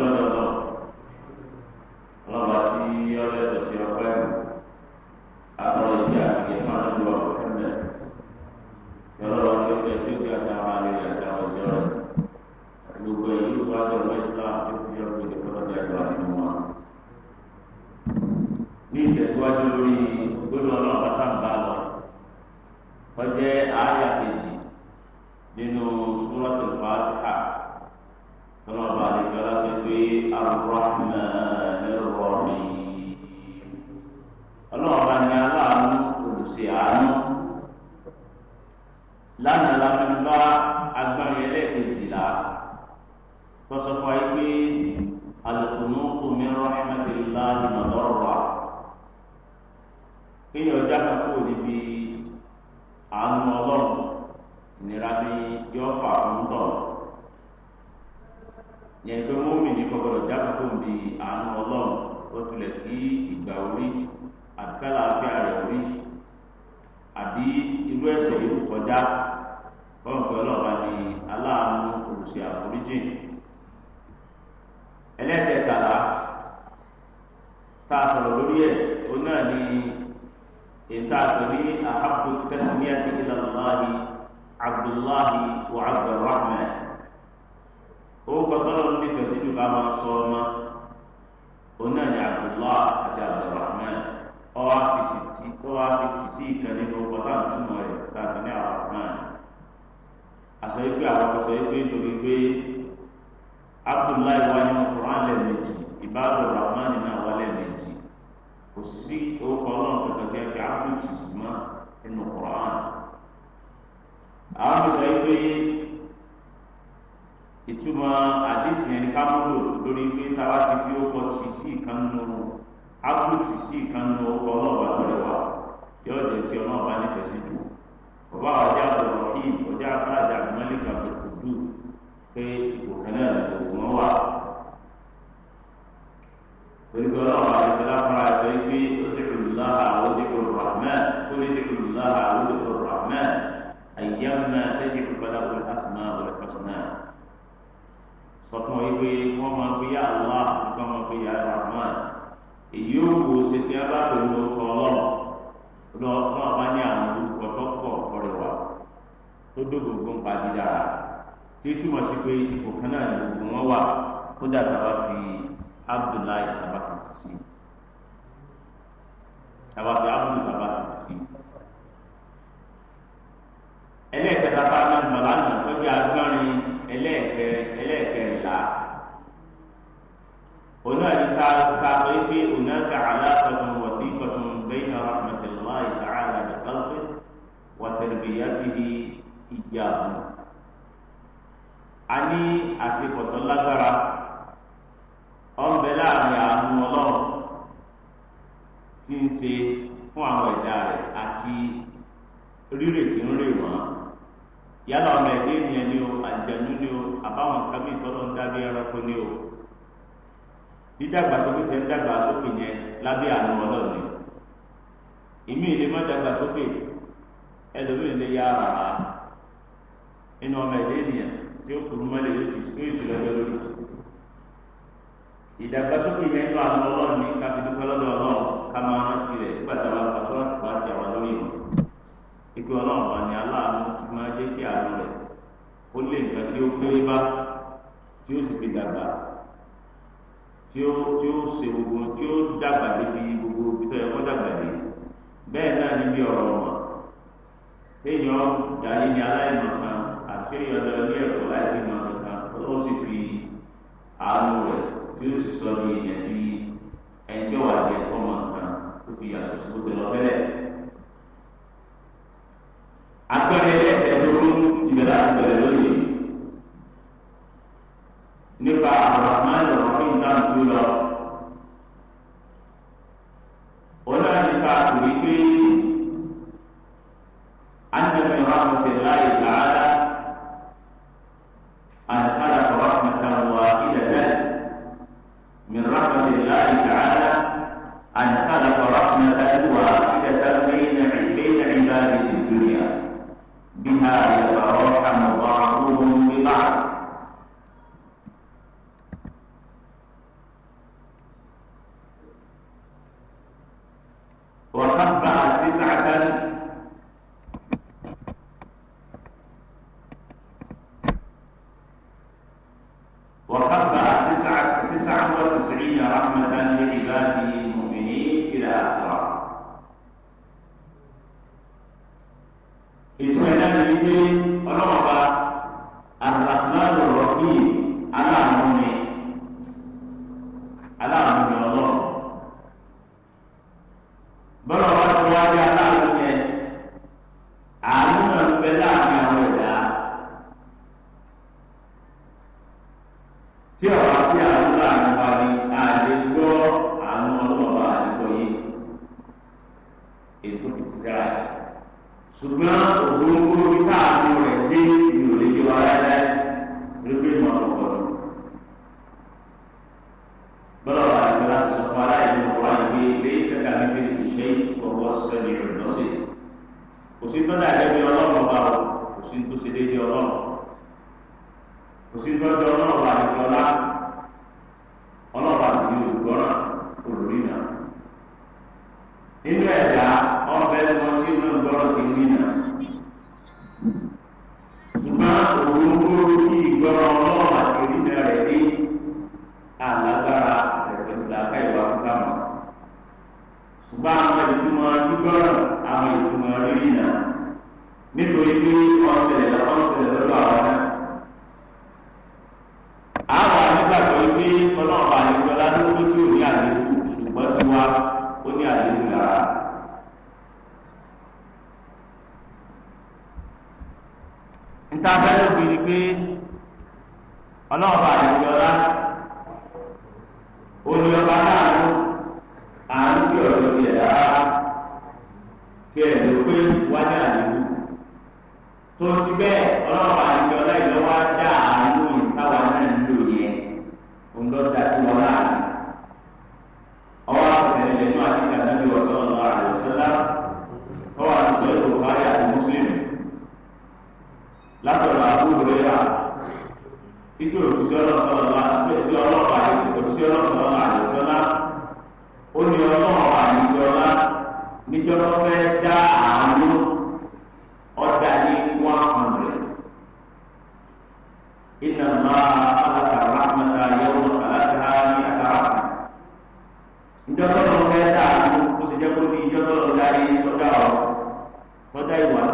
ربنا し感動 èyí ó wò ó ṣe tí a bá pè ní orúkọ ọlọ́run lọ fún àbá ní àwọn orúkọ tó pọ̀ ọ̀rẹ́ wa tó dógógó ń padì dára tí túmọ̀ sí pé ipò kan náà ní gbogbo wọn wà kódà táwa fi Abdullahi táwa fi tì sí táwa fi Abdullahi táwa fi tì sí. ẹlẹ́ẹ̀kẹta bá náà màlánà tó jẹ́ agbárin ẹlẹ́ẹ̀kẹrin. òun náà ní ká ká sọ pé òun náà ká aláàtọ̀tún wọ̀tí kọ̀tún bẹ́yìn rahmatullahi ta'ala bi khalqi wa tarbiyatihi iyyahu. a ní àsìkò tó lágbára ọ̀nbẹ láàrin àwọn ọlọ́run tí ń ṣe fún àwọn ẹ̀dá rẹ̀ àti rírè tí ń rè wọ́n yálà ọmọ ẹ̀dá ènìyàn ni o àjẹnú ni o àbáwọn kábíyì tọ́lọ́ ń dábí ẹranko ni o dídàgbàsókè tẹ ń dàgbàsókè yẹn lábẹ́ àánú ọlọ́run ni ìmí ìlé má dàgbàsókè ẹlòmíì lè yá ara rà nínú ọmọ ẹ̀dẹ́ ènìyàn tí ó kúrú mọ́lẹ̀ yóò ti tó ìtìlẹ́gbẹ́ lórí ìdàgbàsókè yẹn nínú àánú ọlọ́run ni ká fi dúpẹ́ lọ́dọ̀ ọlọ́run ká máa rántí rẹ̀ nígbà tá a bá fà sọ́wọ́n àti pàtì àwọn lórí wọn ikú ọlọ́run bá ní aláàánú tí máa jẹ́ kí àánú rẹ̀ ó lé nǹkan tí ó kéré bá tí ó sì tí ó tí ó ṣe gbogbo tí ó dàgbà débi gbogbo ibi tó yẹ kó dàgbà dé bẹ́ẹ̀ náà níbi ọ̀rọ̀ ọ̀mà téèyàn dàní ní aláìmọ̀ kan àti téèyàn lọ ní ẹ̀kọ́ láti mọ̀ kankan ó sì fi àánú rẹ̀ tí ó sì sọ ní èèyàn bí ẹni tí ó wà ní ẹ̀kọ́ kan ó fi yàtọ̀ sí bó lọ fẹ́lẹ̀. àpẹẹrẹ ẹ̀ẹ́dẹ́gbẹ̀rún ìbẹ̀rẹ̀ àti lónìí. nípa àròhàn ìrọ̀rùn ìdáǹdó lọ. Ọlọ́run nípa àkùrí pé ánìyàn ìwà àkọsẹ̀ láì láàárá àtàlà ọ̀rọ̀ àtàwà ìdẹ̀dẹ̀ mìíràn àkọsẹ̀ láì láàárá àtàlà ọ̀rọ̀ àtàwà ìdẹ̀dẹ̀ bẹ́yìn bẹ́yìn ìdáǹdó ìdúnyà bí a yẹ ọ̀rọ̀ àmọ̀ ọ̀rọ̀ àkókò ń gbé báà. me.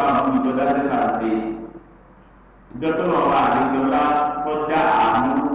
báwọn ìjọ dá sẹ́ka ṣe ìjọ tó lọ́ọ́ bá àlejò tó dá àánú.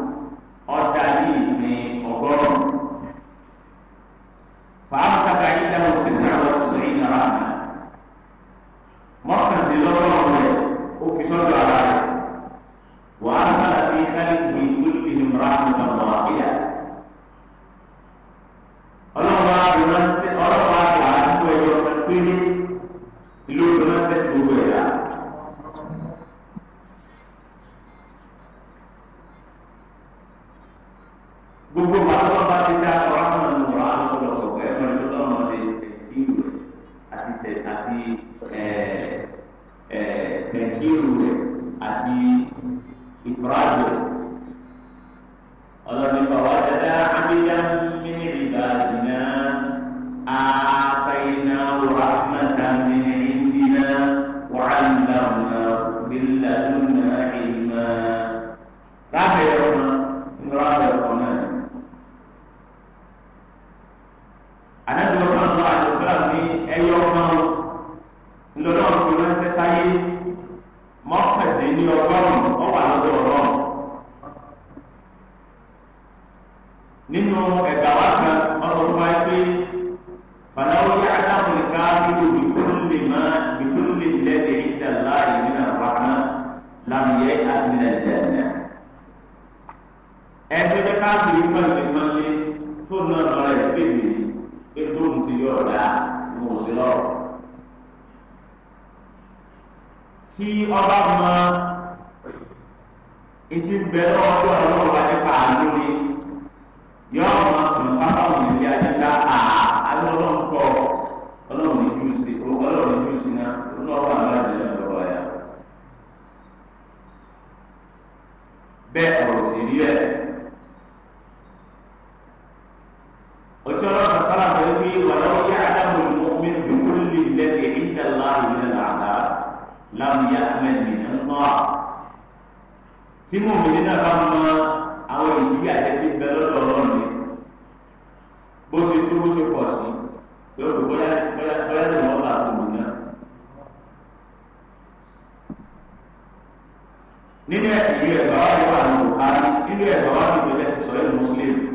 كده جوانب الاختصارية المسلمة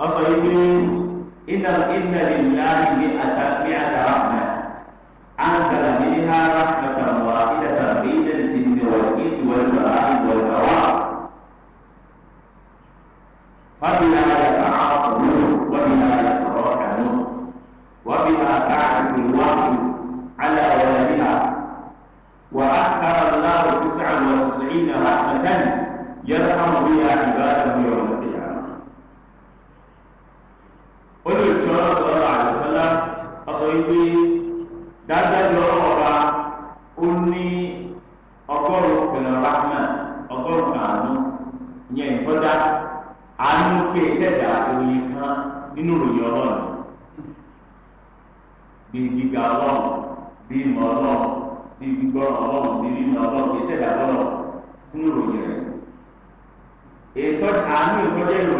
أصل إن إن لله مئة مئة رحمة أنزل منها رحمة واحدة بين الجن والإنس والملائكة 男女间建。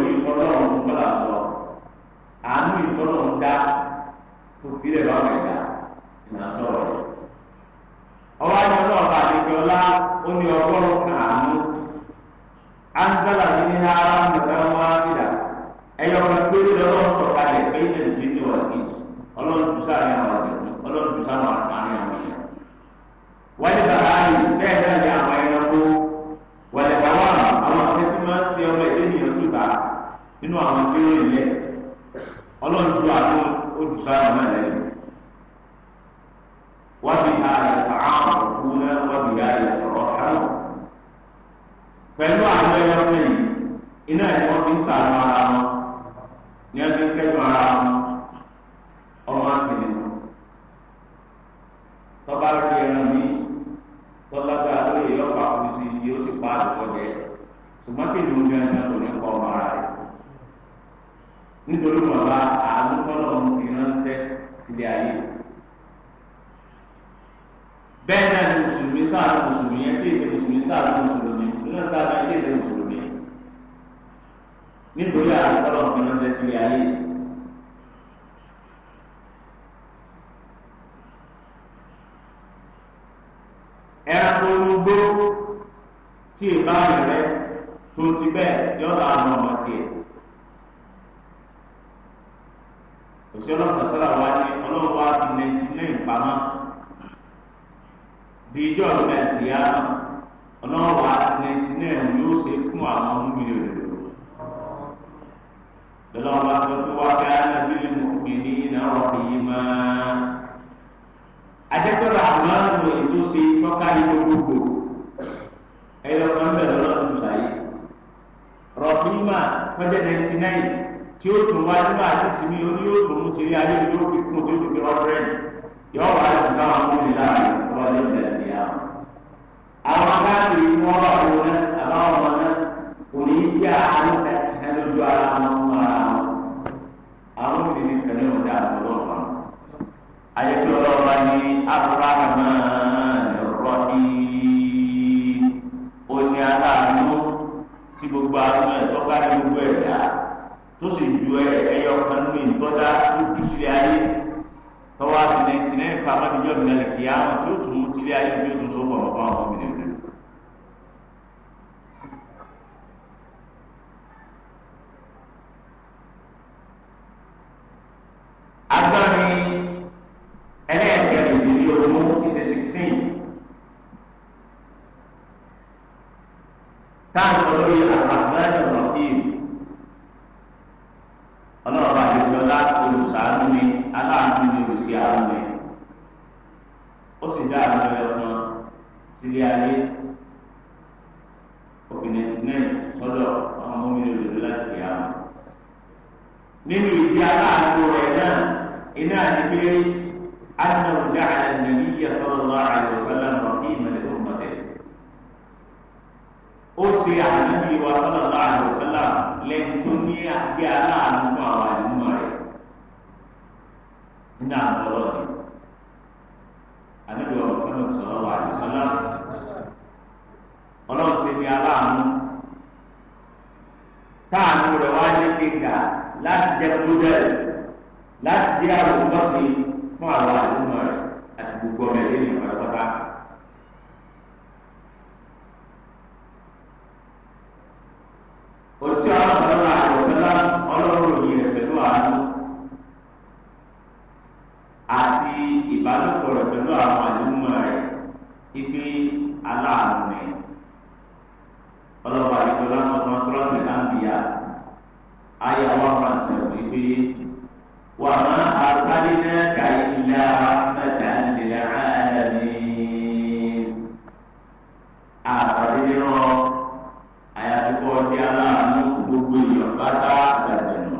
pamọ́ di ijọ́ ìgbà ìyá ọlọ́wọ́ àtìlẹ́tì náà yóò ṣe fún àwọn ọmọbìnrin òdòdó lọ́lọ́wọ́ tó tó wá fẹ́ alábìnrin mọ̀kùnrin ní ìnáwó èyí máa ajẹ́pẹ̀rẹ̀ àwọn ọmọ ètò ṣe tọ́kárí gbogbo ẹ̀yọ kan bẹ̀rẹ̀ lọ́dún ṣáyé rọ̀bìmà fọ́jẹ́ ninety nine tí ó tún wájú bá àti sinmi ó ní yóò tún mú ti rí ayé yóò fi kún tó ti fi yìí yọ wá ìgbà àwọn ìlà ọlọ́dún ìlẹ̀ ní àwọn. àwọn káàkiri ni wọ́n wà wọn náà àbáwọn ọmọ náà kò ní í sí àánú ẹ̀kẹ́ lójú ara wọn mú ara wọn. àwọn òbí ní kẹlẹ́ wọn wọn. àyẹ̀kẹ́ ọlọ́wọ́ ni àbúrò àmà ẹ̀rọ ní oní aláàánú tí gbogbo àwọn ẹ̀tọ́ bá ní gbogbo ẹ̀dá tó sì ju ẹ̀yọ kan ní ìtọ́já tó jù sílẹ̀ ayé tọ́wọ́ àti nineteen nine pamọ́ ní yọ̀ọ́ nílẹ̀ kí á wọn tí ó tún mú tilé ayé tí ó tún so pọ̀ lọ́kọ́ àwọn obìnrin rẹ̀. agbọ́nni ẹlẹ́ẹ̀kẹ́rin ìdílé ogún ti ṣe sixteen táàbù lórí àgbàgbọ́n ìrọ̀lẹ́ ọlọ́ọ̀bá àdéjọ́lá olùsàánú mi. sì dá àwọn ẹ̀rọ náà sílé ayé obìnrin ti náà sọ́dọ̀ àwọn ọmọ mi lòdì láti pè àwọn. nínú ìdí aláàbò rẹ̀ náà iná ni pé anáwó dá àlẹ́ nàbí yẹ sọ́dọ̀ lọ́wọ́ àlẹ́ sọ́dọ̀ lọ́wọ́ kí ìmọ̀lẹ́ tó mọ̀tẹ́. ó ṣe ànábì wa sọ́dọ̀ lọ́wọ́ àlẹ́ sọ́dọ̀ lẹ́nu tó ní àgbé aláàbò àwọn àlùmọ̀ rẹ̀ nínú àwọn ọlọ́ọ̀dẹ àníbi ọ̀rọ̀ kánò sọ̀rọ̀ wà àdìsọ́lá ọlọ́run ṣe ní aláàánú táàánú rẹ̀ wá jẹ́ kéka láti jẹ́ mọ́dẹ́lì láti jẹ́ àwòkọ́sí fún àwọn àdúgbò rẹ̀ àti gbogbo ọmọ ẹ̀dẹ́ ìyẹn pátápátá. òtí ọlọ́run lọ́la ayé àwọn ọmọ wa wípé wà má ka náà ká ilé mẹ́ta nílẹ ààrẹ asáré náà àyàtúkọ ọdí aláàánú gbogbo èèyàn pátá àgbàdànù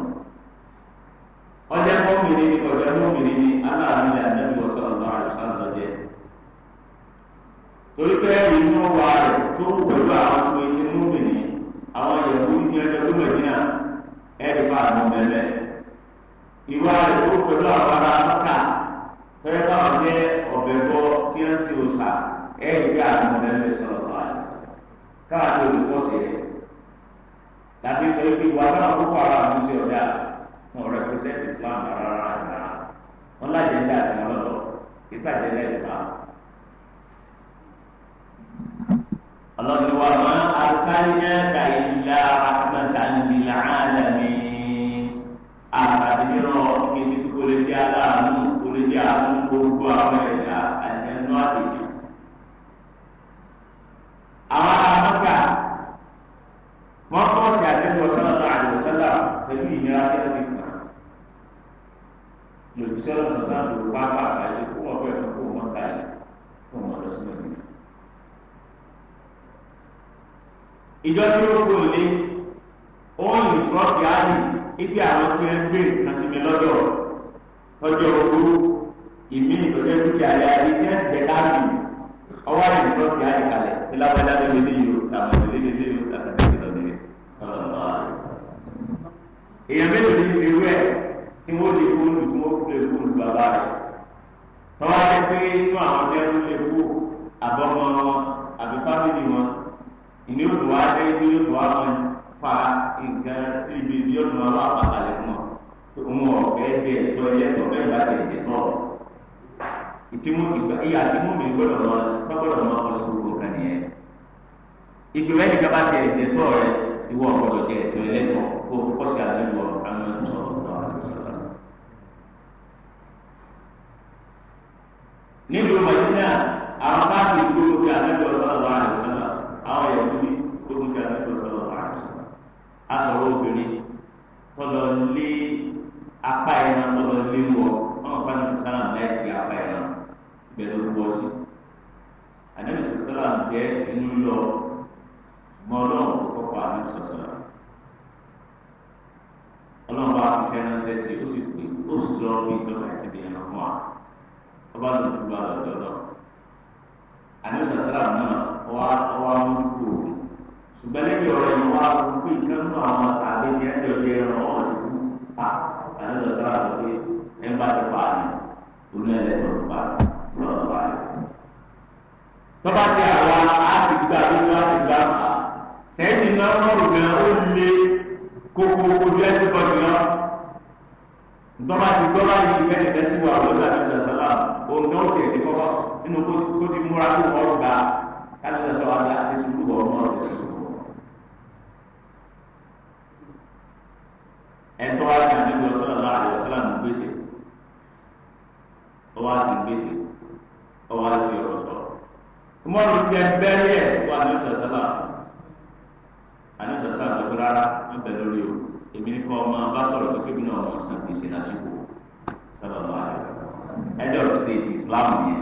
ọjọ́ mọmìnrin ni ọjọ́ mọmìnrin ni aláàánú lè àdébí ọsọ jẹ torí pé wa tó pẹ̀lú àwọn àwọn ẹ̀rí bá àwọn ọ̀bẹ̀lẹ̀. Ìwà rẹ̀ tó pẹ̀lú àwọn ará Mọ́kà fẹ́rẹ́ báwọn jẹ́ ọ̀bẹ̀ bọ́ tí ń sin òòsà ẹ̀rí bá àwọn ọ̀bẹ̀lẹ̀ sọ̀rọ̀ bá rẹ̀. Káàdì olùkọ́ rẹ̀. Làbí sọ ibi ìwà náà kókó ara àwọn oṣù ọ̀dà wọn rẹpẹsẹ̀ntì Islam rárá rárá. Wọ́n lájẹ̀ ń dà sí wọn lọ́dọ̀ kí sàjẹ̀ lẹ́ Islam. Allah ni wa ma arsalnaka illa rahmatan lil alamin àtàdé mìíràn kéṣe kó lè jẹ́ aláàánú kó lè jẹ́ àánú gbogbo àwọn ẹ̀dá àjẹnú àdéjọ. àwọn aráàlúkà wọ́n kọ́ sí àdéhùn sọ́nà àdéhùsọ́là pẹ̀lú ìnira tẹ́lẹ̀ kan. lòdìsọ́nà sọ́nà ló wá pàpà yìí kó wọ́n fẹ́ẹ́ kó wọ́n ká yìí kó wọ́n lọ sí ọ̀gbìn. ìjọ tí ó kó lé ó ń fọ́ sí àdéhùn ibi àwọn tí wọ́n gbé nǹkan sí mi lọ́dọ̀ tọ́jú owó ìmí ìtọ́jú dúkìá rẹ̀ àti tí wọ́n ti jẹ́ káàdì ọwọ́ àyè nìkan fi àyè kalẹ̀ tí lábọ́dá ló lé léyìí o tàbí ló lé léyìí o tàbí ló lé léyìí o. èèyàn mélòó ní ìṣerú ẹ̀ tí wọ́n lè fóònù tí wọ́n lè fóònù bàbá rẹ̀ tọ́wọ́ á pé inú àwọn tí wọ́n lè fó àbọ̀mọ́ wọn àbí fámìlì wọn ìní òtún wá jẹ́ ìní òtún wá wọn fa nǹkan ibi tí ó máa wá pàtàkì fún ọ òun ọ̀fẹ́ jẹ ẹ̀tọ́ ẹlẹ́tọ̀ bẹ́ẹ̀ bá jẹ ẹ̀tọ́ ìtìmú ìgbà ìyá àtìmú mi gbọ́dọ̀ lọ gbọ́dọ̀ lọ ọsẹ gbogbo nǹkan nìyẹn ìgbìmọ̀ ẹ̀dínkà bá jẹ ẹ̀tọ́ rẹ ìwọ ọ̀gbọ́dọ̀ jẹ ẹ̀tọ́ ẹlẹ́tọ̀ kó o kọ́ sí àdúgbò àwọn ẹ̀tọ́ nílùú Madina àwọn bá ti gbogbo asọ̀rọ̀ obìnrin tọ́lọ lé apá ẹran tọ́lọ lé wọ ọmọ fani sàlám láìpé apá ẹran bẹ̀rẹ̀ wọ sí àdébí sàlám jẹ́ inú lọ mọ́lọ́ kọ́kọ́ àdébí sàlám ọlọ́run bá fi sẹ́ran sẹ́sì ó sì pè ó sì lọ bí ìjọba ẹ̀sìn bí ẹran fún wa ọba lọ dùgbà lọ́dọ̀ lọ àdébí sàlám náà ọwọ́ amúdúgbò rẹ̀ ṣùgbọ́n lẹ́yìn ọ̀rọ̀ yìí wá fún pé nǹkan nínú àwọn sàbẹ̀ tí ẹ̀ ń jọ jẹ́ ẹran ọ̀hún ti kú pa àná lọ sára lọ pé ẹ̀ ń bá ti pa àná olú ẹlẹ́dọ̀ pa lọ́nà pa àná. tọ́ba ti àwa á ti gbà lójú á ti gbà pa sẹ́yìn náà lọ́rùn gan ó lé kókó ojú ẹ̀ ti náà ntọ́ba ti gbọ́ báyìí ìfẹ́ nìkan sí wa lọ́dọ̀ àti àṣẹ sùkúrù ọ̀rùn ẹtọ́ wa sì àdébí ọ̀sán ọ̀la àdébí ọ̀sán àmú gbèsè ọwọ́ àti gbèsè ọwọ́ àti ọ̀rọ̀ sọ̀rọ̀ kúmọ́ọ̀lù ti ẹ bẹ́ẹ̀rẹ̀ ẹ̀ wọ àdébí ọ̀sán là àdébí ọ̀sán àdébí rárá ń bẹ̀ lórí o èmi ní kọ́ ọmọ bá sọ̀rọ̀ pé kébì náà ọmọ ọ̀sán gbèsè lásìkò sọ̀rọ̀ ẹ̀dọ̀ ṣe ti Islam yẹn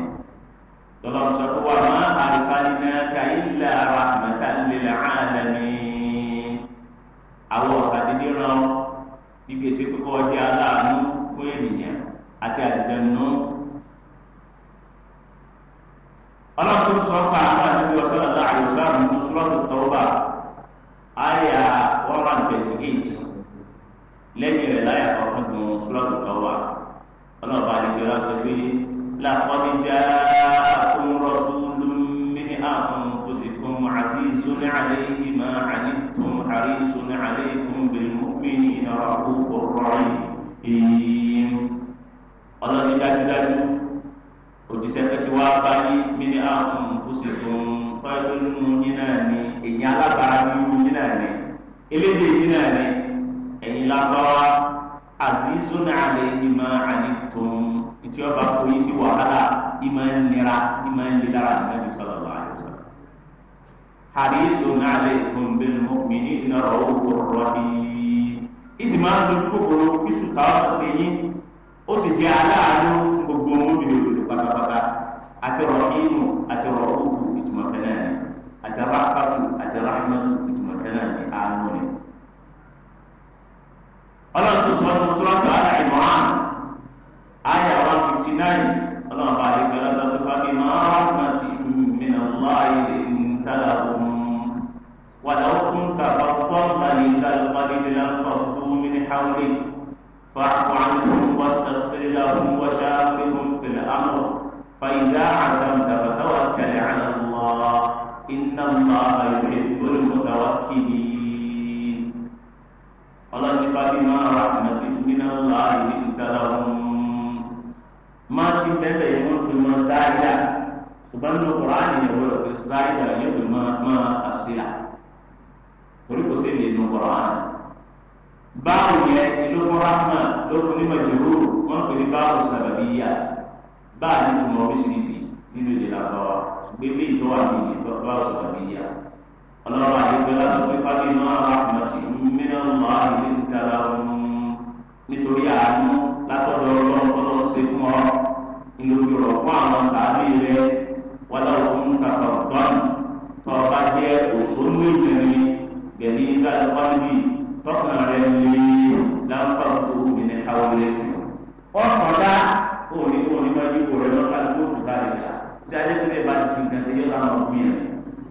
lọ́lọ́ sọ pé wà má arsalnaka illa rahmatan lil alamin àwọn ọ̀sán dídí rán ibi èsì kókó ọjọ́ aláàánú fún ènìyàn àti àdìdẹ̀nù. ọlọ́run tó ń sọ pa àwọn àdúgbò ọ̀sán àti àyùsá àmúlò sọ́ọ̀tù tọ́wọ́bà àyà one hundred twenty eight lẹ́yìn rẹ̀ láyà ọ̀kan dùn sọ́ọ̀tù tọ́wọ́bà ọlọ́run bá àdìgbò ọ̀sán sọ pé làkọ́ni já fún rọ́sùlùm min anfusikum azizun alayhi ma anittum harisun alaykum bil mu'minin. رؤوف رحيم ọlọ́ni dájúdájú òjíṣẹ́ tó ti wá báyé mímí àwọn òṣèkùn tọ́jú nínú yín náà ni èyí alábàárà nínú yín náà ni elédè yín náà ni ẹ̀yin lábáwá àzízúnà àlẹ́ ìmọ̀ àdìtún ìtí ọba kò yí sí wàhálà ìmọ̀ nira ìmọ̀ nílára nàbì sọ̀rọ̀ láàyè sọ̀rọ̀. àdìsúnà àlẹ́ ìkùnbẹ̀rún mi ní ìnáwó kúrọ̀ bíi. Isi máa ń sojú kòkòrò kí sùtà ọ̀sẹ̀ sí yín ó sì jẹ́ aláàánú gbogbo ohun obìnrin òdòdó pátápátá àti ọ̀rọ̀ inú àti ọ̀rọ̀ òkú ìtumọ̀ kẹ́lẹ́ ni àti arákàtù àti aráhìmọ́tù ìtumọ̀ kẹ́lẹ́ ni àánú ni. ọlọ́run tó sọ ọ́ sọ́rọ́ tó àlàyé mọ́ àná àyà fifty nine. ṣùgbọ́n nínú kùránì yẹn wọ́n lọ́ọ́ fi sáyidà yẹn fi máa máa àṣìlá torí kò sí nínú kùránì. báwo yẹ ìlú rahma ló fún ní màjúrú wọn pè ní báwo sàbàbíyà báà ní tùmọ̀ oríṣiríṣi nínú ìdè làbáwá ṣùgbọ́n bí ìtọ́wà mi yẹ báwo sàbàbíyà. ọlọ́run àyẹ̀gbẹ́ lásán pé fábí máa rahma ti mímíràn lọ́ àyè ní kàlà nítorí àánú látọ̀dọ̀ ọlọ́run tó lọ́ọ́ ṣe fún ọ ìlú ìrọ̀kùn àwọn sàbí rẹ̀ kàtọ̀ tọ́n tọ́ba jẹ́ òṣòlù ìjẹrin gẹ̀ẹ́ni gbàdúgbàdúbì tọkàn rẹ̀ lè láǹfààní òmìnira káwọlé. ọ̀kọ̀dá òní òní máa yí òrẹ́ lọ́ka ló kù ká lè dà tí a lè fi lè ba ti sin kan sí yọ́sà máa kú yẹn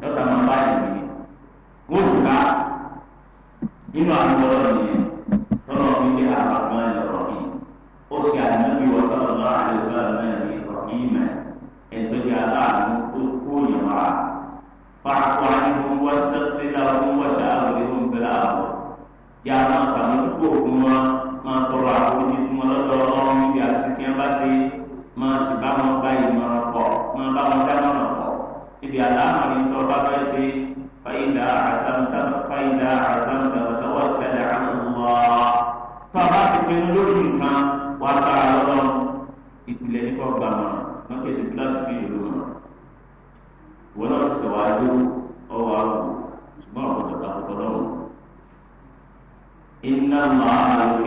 yọ́sà máa bá yẹn nìyẹn. wọ́n kù ká inú àwọn ọlọ́ọ̀ni ọba bá ṣe fàyídà àṣàmùtà fàyídà àṣàmùtà wàtàwà tẹlẹ àmúwà tó a bá ti pinnu lórí nǹkan wàá bá a lọ́wọ́ ìpìlẹ̀ nípa ọgbà mọ́ wọn kíláàsì bí ìlú mọ́ wọn náà sọ wá dó ọwọ́ àwọn ṣùgbọ́n àwọn ọ̀dọ́ kan lọ́wọ́ iná máa ń lọ.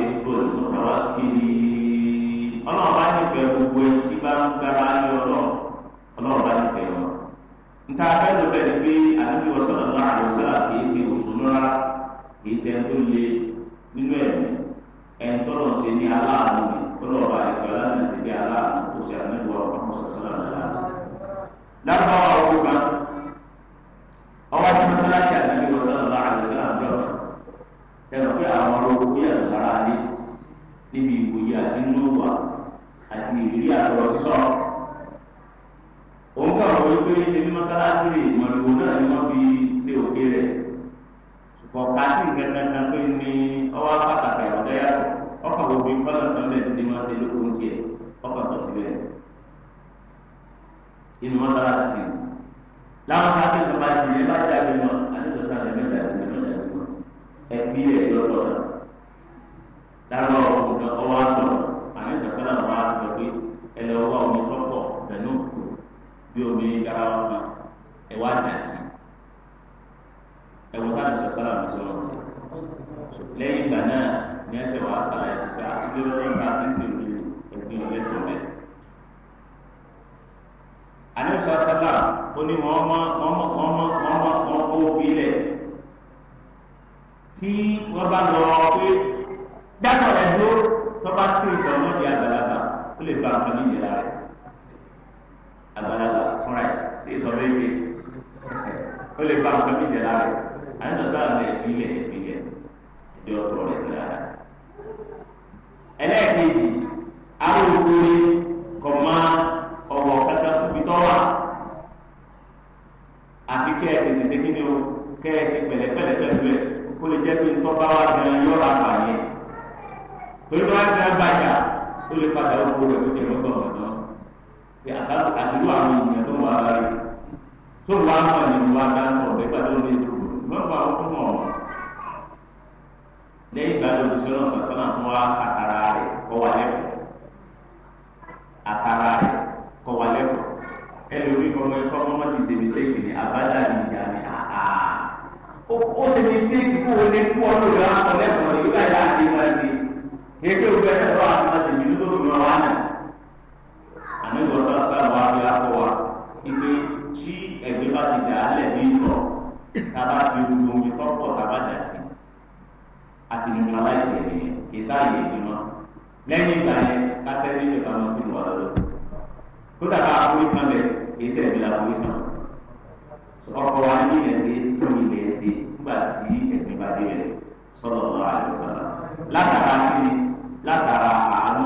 bẹ̀ ni pé àdúgbò ọ̀sán ọ̀la àdùsá kìí ṣe òṣùnú rárá kìí ṣe ẹni tó le nínú ẹ̀mí ẹni tọ́lọ̀ ṣe ní aláàánú mi tọ́lọ̀ ọba ẹ̀kọ́ aláàánú ti di aláàánú tó ṣe àmẹ́wò ọ̀pọ̀ sọ̀sọ́lá ọ̀la. lábàá ọkọ̀ kan ọwọ́ tí mọ́sálásí àdúgbò ọ̀sán ọ̀la àdùsá àbẹ̀wò ẹ̀rọ pé àwọn ọlọ́wọ́ yàtọ̀ sára ní níbi ìwòye àti nínú wà àti ìrírí òun kà wọ́n wípé ṣe bí mọ́sálásí rè mọ̀lúwo náà ni wọ́n fi ṣe òkè rẹ̀ ṣùgbọ́n kásì kankan pé ní ọwọ́ pàtàkì ọ̀dọ́ yàtọ̀ ọkọ̀ wo bí kọ́lọ̀ tó lẹ̀ ti máa ṣe lóko ń tiẹ̀ ọkọ̀ tó ti bẹ̀rẹ̀ inú mọ́sálásí rè láwọn sáà tó bá ti lè bá jáde náà àdéhùn sáà lè mẹ́ta ìgbẹ́ náà jáde náà ẹ fi ẹ̀ lọ́dọ̀ dáná ọ̀gbọ̀n bí obìnrin gara wọn ma ẹ wá dà sí ẹ wọ ká lọsọ sára mi sọ̀rọ̀ lẹ́yìn ìgbà náà ní ẹsẹ wàá sàlàyé fúnpa ilé lọ́wọ́ bá ti ń tèmi ẹgbẹ́ ọlẹtọ mẹ. anamisa sábà ó ní wọn mọ wọn mọ wọn mọ wọn mọ wọn kó filẹ tí wọn bá lọ pé dákọ̀ ẹ̀ dúró tó bá sí ìtọ́ wọn di àgbàlagbà ó lè ba àǹfààní yẹn lára àgbàlagbà fúnra ẹ̀ tí sọ fẹ́ gbé ó lè bá nǹkan méjì lára rẹ̀ àyẹ̀tọ̀ sáà lè ìpìlẹ̀ ìpìlẹ̀ ìjọ ọ̀tọ̀ rẹ̀ tó yára. ẹlẹ́ẹ̀kejì àwọn olùkórè kọ̀ máa ọ̀wọ̀ kátà tóbi tọ́wà àfi kẹ́ ẹ̀ tètè ṣe kí ni o kẹ́ ẹ̀ ṣe pẹ̀lẹ́pẹ̀lẹ́ pẹ̀lú ẹ̀ kó lè jẹ́ pé ntọ́ bá wà gan yọ̀rọ̀ àbàyẹ torí bá wà gan bàjá ó lè padà ó kó rẹ̀ ó ti rọ́gbọ̀n pé àṣírò àwọn ènìyàn tó wà lára rẹ̀ tó wà á mọ̀ nínú wa dá sọ̀rọ̀ nígbà tó lè dúró mọ́tò àwọn tó mọ̀ lẹ́yìn ìgbà tó ṣe ọ̀nà sàṣánà tó wá àkàrà rẹ̀ kọ́ wà lẹ́kọ̀ọ́ àkàrà rẹ̀ kọ́ wà lẹ́kọ̀ọ́ ẹlòmí ọmọ ẹ̀kọ́ ọmọ ti ṣe mistake ní abájá ní ìyá mi àhà ó ṣe mistake kó o lè kú ọdún ìyá ọ̀lẹ́kọ̀ọ́ ìgbà yà á ti máa ṣe kéèké ògbẹ́ ẹ̀rọ àti máa ṣe ìbínú tó fi máa wà náà àbí akọ wa ike tí ẹgbẹ́ bá ti dà á lẹ̀ ní ìtọ̀ tába ti rúgbó omi tọ́pọ̀ tába dà sí àti neutralize ẹ̀mí yẹn kì í sáàyè ẹ̀mí mọ́ lẹ́yìn ìgbà yẹn kátẹ́ nínú ìbámu fi lù wá lọ́dọ̀ kódà bá a fún ìtàn rẹ̀ kì í sẹ̀mí la fún ìtàn ọkọ̀ wa ní ilẹ̀ sí tó ilẹ̀ sí nígbà tí ẹ̀mí bá dé rẹ̀ sọ́dọ̀ lọ́wọ́ àlùfáà látara kí ni látara àánú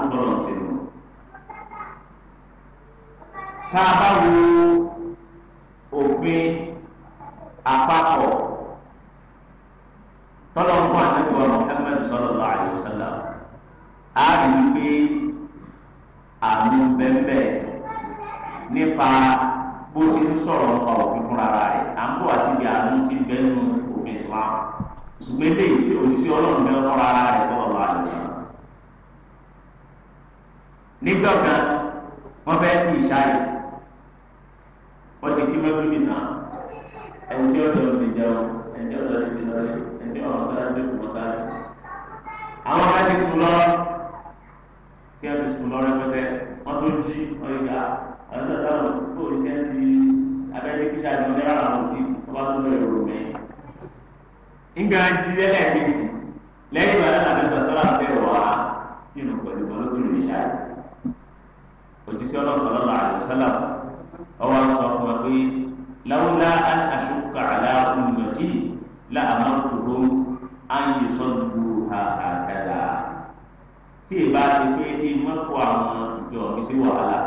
tá a bá wo òfin àpapọ̀ nga jíjẹ lẹ́ẹ̀kejì lẹ́yìn ìgbà náà lọ́sọ̀ sọ́lá ṣe wà á nínú pẹ̀lú ọlọ́gbìn ìṣá yìí òjíṣẹ́ ọlọ́sọ̀rọ̀ làlẹ́ sọ́lá ọwọ́ sọ fún wa pé láwùlá aṣọkà aláàbùnmọ̀tì láàmọ́tòrò ayéṣọ́dúró àkàdà tí ìbá ti pé kí n mọ́kọ àwọn ìjọ mi sí wàhálà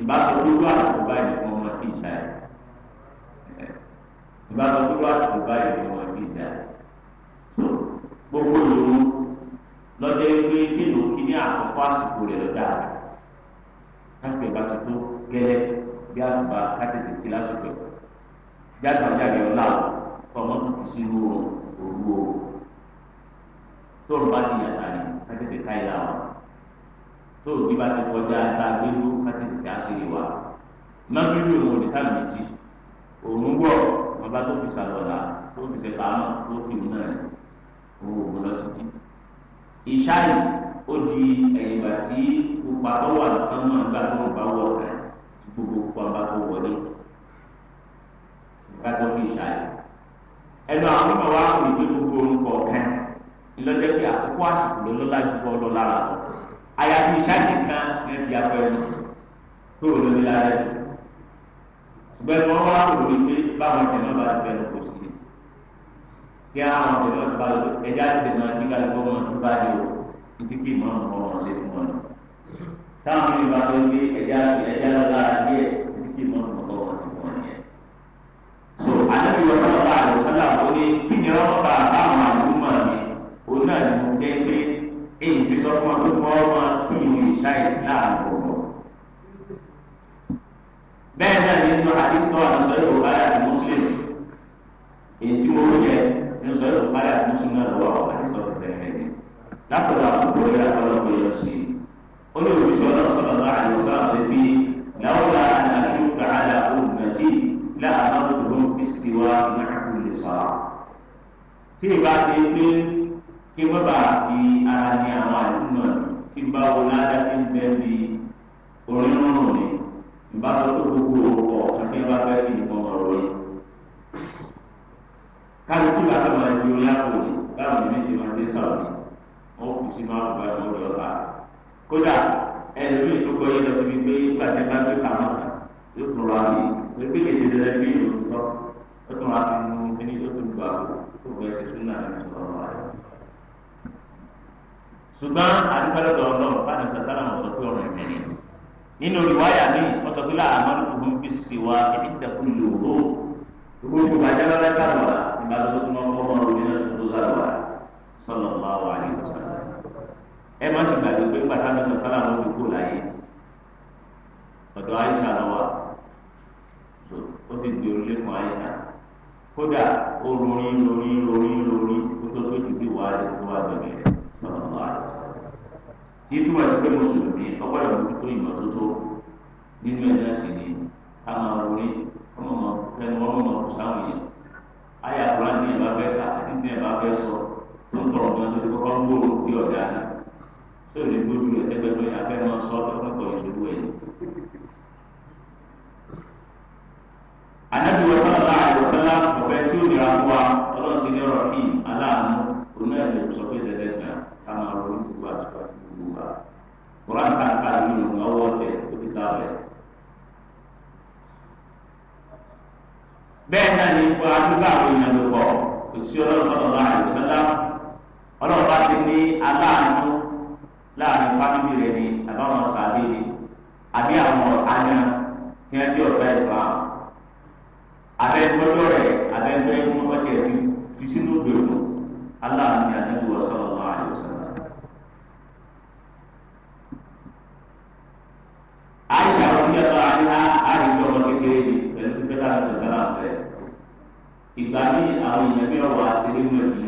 ìbá sọ dúró àtúntò báyìí fún ọmọ ìṣá yìí ìbá sọ dúró àtúntò báyìí lọ́jọ́ ìgbé nínú kíní àkọ́kọ́ àsìkò rẹ̀ lọ́dà àjò káfíń bá ti tó gẹ́lẹ́ bí àsùbà kátètè kí lásìkò ẹ̀ jáde jáde ọ̀la fọmọ tó ti sí inú òru o tóòrùn bá ti yàtà ni kátètè ká ìlà wa tóòrùn bí bá ti kọjá ta gbẹ́gbó kátètè ká sí ìwà mọ́tòlù òun ò ní ká méjì òun gbọ́ wọn bá tó fi sàlọ̀ ọ̀la tó fi ṣe pamọ́ tó fi mú náà ìṣáì ó di ẹ̀yìnbà tí pupa tó wà sánmọ́ nígbà tó ń bá wọ̀ ọ̀kan tí gbogbo pupa bá tó wọlé nígbà tó fi ìṣáì. ẹnu àwọn ọmọ wa kò ní gbogbo orúkọ ọ̀kan ìlọ́jọ́ pé àkókò àsìkò ló lọ́la ju bọ́ lọ́la rà lọ. àyàfi ìṣáì nìkan ní ti yà pẹ́ tó lórí lára ẹ̀ ṣùgbọ́n ẹnu wọn wá ní pé báwọn ẹ̀ náà bá ti bẹ̀rù kí àwọn ọ̀dọ́ náà bá lò ẹja ti máa ní kálukọ́ mọ̀ tó bá lò ní ti kí ìmọ̀ ọ̀pọ̀ wọn ṣe fún wọn. táwọn mi bá lọ gbé ẹja ti ẹja lọ díẹ̀ ti kí ìmọ̀ ọ̀pọ̀ wọn ṣe fún wọn yẹn. so àdébí wọn náà bá lọ sọ́là ó ní kí ni wọ́n bá báwọn àdúgbò mi òun náà ni mo gẹ́ pé èyí fi sọ fún wọn pé wọ́n máa tún ìwé ìṣáì láàbọ̀ bẹ́ẹ̀ náà ní sọ̀rọ̀ báyà mùsùlùmí lọ́wọ́ àwọn àti sọ̀rọ̀ sẹ́yìn ní. látọ̀dọ̀ àbúrò yẹn àtọ̀lọ́gbọ̀ yẹn sí i ó ní òṣìṣẹ́ ọlọ́sọ̀rọ̀ láàrin sọ̀rọ̀ sí bí láwùlà àṣùkà àlà òmùnàtì láàbàbò ìsìwà ìnáàkùnlé sọ̀rọ̀. tí ì bá ṣe pé kí wọ́n bá fi ara ní àwọn àdúgbò tí bá wo ládàá ti ń bẹ́ bí orin rúnrún ni ìbá sọ pé gbogbo ọ̀kan tí wọ́n bá fẹ́ kí nìkan ọ̀rọ̀ yìí kálukú bàtà máa di orí àpòlì báwo ni méjì máa ṣe ń sọ̀rọ̀ ni wọ́n kù sínú àpòlì àwọn ọ̀dọ́ ọ̀la kódà ẹlòmíì tó gbọ́ yé lọ síbi pé nígbà tí a bá gbé pamọ́ kan yóò tún ra mi pé pé kèsì dandan ní ìlú tọ́ ó tún ra mi nu kíní ó tún gbà ó tó bẹ́ẹ̀ ṣe tún náà ní sọ̀rọ̀ rẹ̀. ṣùgbọ́n àdúgbàlọ́dọ̀ ọlọ́run bá ní sàṣàlà wọn sọ pé ọ̀rọ̀ ẹ̀mí gbogbo bàjẹ́ lọ́lá sàlùwà nígbà tó tún ọkọ̀ ọmọ rẹ̀ nínú tó sàlùwà sọ̀nà ọ̀la wà ní ìwòsàn. ẹ má sì gbàgbé pé pàtà mi sọ sálà ló fi kú láyé ọ̀dọ̀ àyíṣà lọ́wọ́ ó sì di orílẹ̀-èdè àyíṣà kódà ó rorin rorin rorin rorin kó tó tó dìbò wà á kó wà gbẹ̀gbẹ̀ sọ̀nà ọ̀la tí túmọ̀ sí pé mùsùlùmí ọgbọ́dọ̀ mú tó ìmọ̀ tó tó nínú ẹ̀ náà sì ni ká máa wọn mọ fẹnu wọn mọ kó sáwọn yẹn ayé àkùrá ní ẹ̀ bá fẹ́ ká àti ní ẹ̀ bá fẹ́ sọ tó ń tọrọ gan tó ti kọ́kọ́ ń gbòòrò bí ọ̀dà ni tó lè gbójú rẹ̀ sẹ́gbẹ̀ẹ́ lóyún afẹ́ máa sọ ọ̀pọ̀lọpọ̀ ìṣòro ẹ̀ anabi wa sallallahu alaihi wa sallam ọbẹ tí ó nira fún Ọlọ́run sì ní ọ̀rọ̀ yìí aláàánú oní ẹ̀jẹ̀ sọ pé dẹ̀dẹ̀ kan ká máa ronú gbogbo àtúbà gbogbo bẹ́ẹ̀ náà ní ipò adúgbò àwọn èèyàn ló pọ̀ kò sí ọlọ́run sọ̀rọ̀ láàrin sọ́lá ọlọ́run bá ti ní aláàánú láàrin fámìlì rẹ̀ ni àbáwọn sàbí ni àbí àwọn àna tí wọ́n dé ọ̀gá ìsàn abẹ́gbọ́dọ̀ rẹ̀ abẹ́gbẹ́ ìmúkọ́tì ẹ̀ ti fi sínú gbèrú aláàánú ni àdúgbò sọ̀rọ̀ láàrin sọ́lá. ìgbà ní àwọn èèyàn bí ọ̀rọ̀ àṣírí mú ẹ̀mí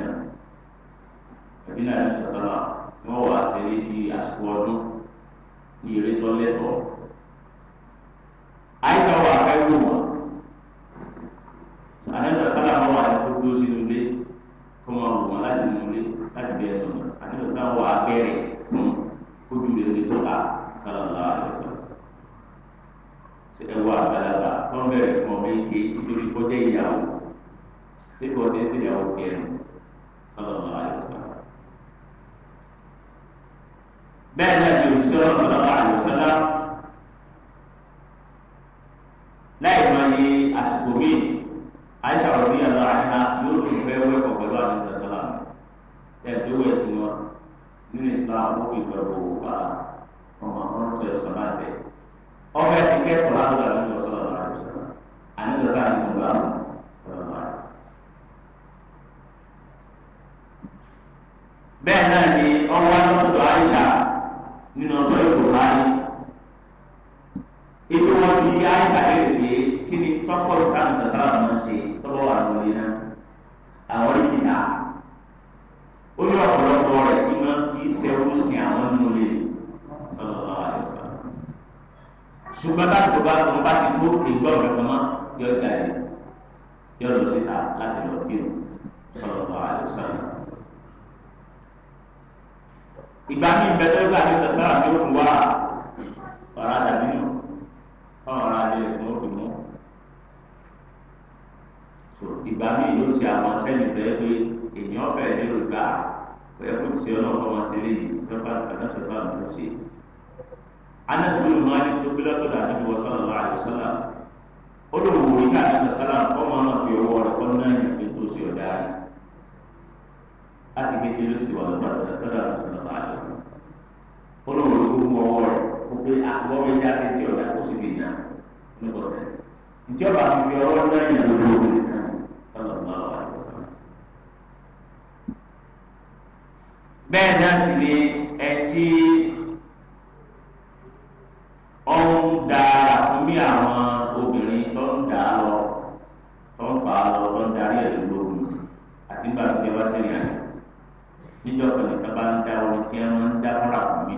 níjọ pẹ̀lú kaba ń da omi tí wọn ń dá fúnra fún mi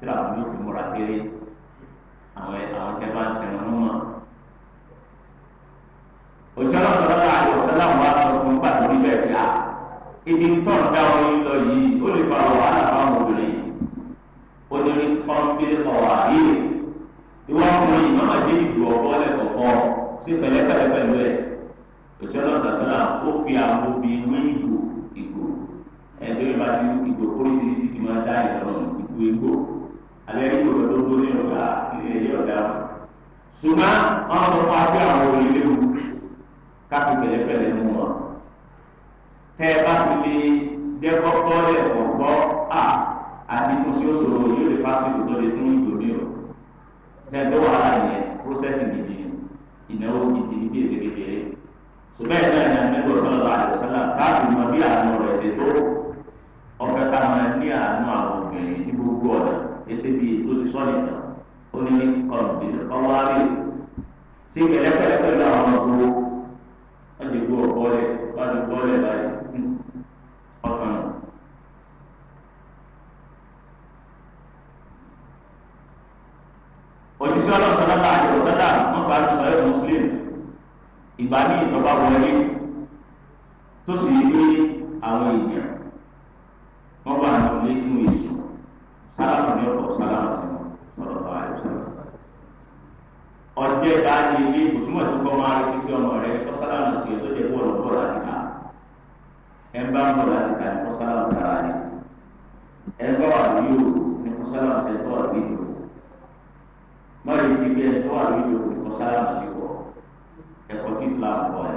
fúnra fún mi ò fi múra sílé àwọn àwọn tí wọn bá ń sẹwọn ní mọ. òṣèlú ọ̀sán náà àyọ̀sọ́lá wà lọ́kùnrin pàtó níbẹ̀ bí a ibi tó ń dá omi lọ yìí ó lè fa wàhálà fáwọn obìnrin onírìn pọ́ńpé ọ̀wà yìí ìwọ ọkùnrin yìí dé ìlú ọ̀bọ lẹ́kọ̀ọ́ sí pẹ̀lẹ́pẹ̀lẹ́ pẹ̀lú ẹ̀ òṣèlú ọ̀sán náà ó fi àwọn obìnrin bẹ́ẹ̀ bá ti ìjòkó oríṣiríṣi ti máa dá ìrọ̀rùn ìkú egbò alẹ́ ní ìwọ̀n tó tó ní ọ̀gá ilé ẹ̀yẹ ọ̀gá ṣùgbọ́n wọn sọ fún abẹ́ àwọn orílẹ̀ wù káfí pẹ̀lẹ́pẹ̀lẹ́ mú wọn. tẹ́ ẹ bá fi lè jẹ́ kọ́kọ́ rẹ̀ ọ̀gbọ́ à àti ìtúnṣe òṣòro yóò lè fásitì tó lè tún ìjò mi o. sẹ́ńtọ́ wàhálà yẹn prósẹ́sì gidi ìnáwó gidi ní kéde kékeré. ṣùgbọ́n ìgbà yẹn ní ọ̀sán lọ́wọ́ ẹ̀ ọ̀fẹ́ ká máa ní àánú àwọn obìnrin ní gbogbo ọ̀nà èsì bíi tó ti sọ́ọ̀nì tán ó ní ọwọ́ àbí sí pẹ̀lẹ́pẹ̀lẹ́ pẹ̀lú àwọn ọgbó wọ́n ti gbó ọ̀bọ́lẹ̀ wọ́n ti gbọ́lẹ̀ báyìí ọkàn. òjíṣẹ́ ọlọ́sọ̀rọ̀ náà àti ọ̀sọ́dà wọ́n bá ti sọ̀rọ̀ mùsùlùmí ìgbà ní ìjọba wọlé tó sì yí pé àwọn èèyàn wọn bá àwọn ilé tí wọn èso sálámù ní ọkọ sálámù sí wọn sọ̀rọ̀ bá àyè sọ̀rọ̀. ọjọ́ ìbá ní ilé kò túmọ̀ sí kọ́ máa retí pé ọmọ rẹ kọ́ sálámù sí ẹ̀tọ́ jẹ́ bọ́ọ̀lù bọ́ọ̀lù àti ká ẹ̀ ń bá bọ́ọ̀lù àti ká ní kọ́ sálámù sára ni ẹ̀ ń bá wà ní yòó ní kọ́ sálámù sí ẹ̀tọ́ àbí yòó má retí pé ẹ̀tọ́ àbí yòó ní kọ́ sálámù sí wọ ẹ̀kọ́ tí Islam kọ́ ẹ̀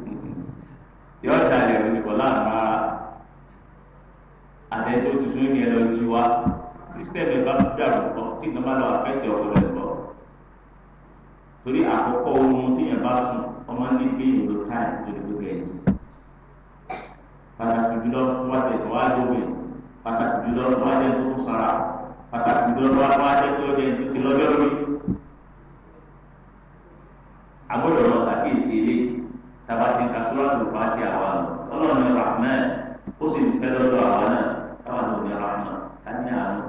yọ dalẹ̀ òyìnbó láàmú ara àtẹ̀tẹ̀ oṣù sún yẹn lọ jí wa sísítẹ́ẹ̀mù ẹ̀ bá dàrú kọ́ tí nǹkan bá lọ àfẹ́tẹ̀ ọ̀pọ̀lọpọ̀ ẹ̀ bọ̀ torí àkọ́kọ́ ohun tí yẹn bá sùn ọmọ ní pé ìlú táì lórí gbogbo ẹ̀ jù pàtàkì jùlọ wá tẹ̀ tó wá lówe pàtàkì jùlọ wá jẹ́ tó tó sara pàtàkì jùlọ wá wá jẹ́ tó jẹ́ tó ti lọ́jọ́ rí àgbọ̀dọ̀ lọ sàkíyèsí eléyìí tàbá ti ka sọ́láàtù fàájì àwa ọlọ́run ní rahman ó sì fẹ́ lọ́dọ̀ àwa náà táwọn ọ̀dọ́ ní rahman ká ní àánú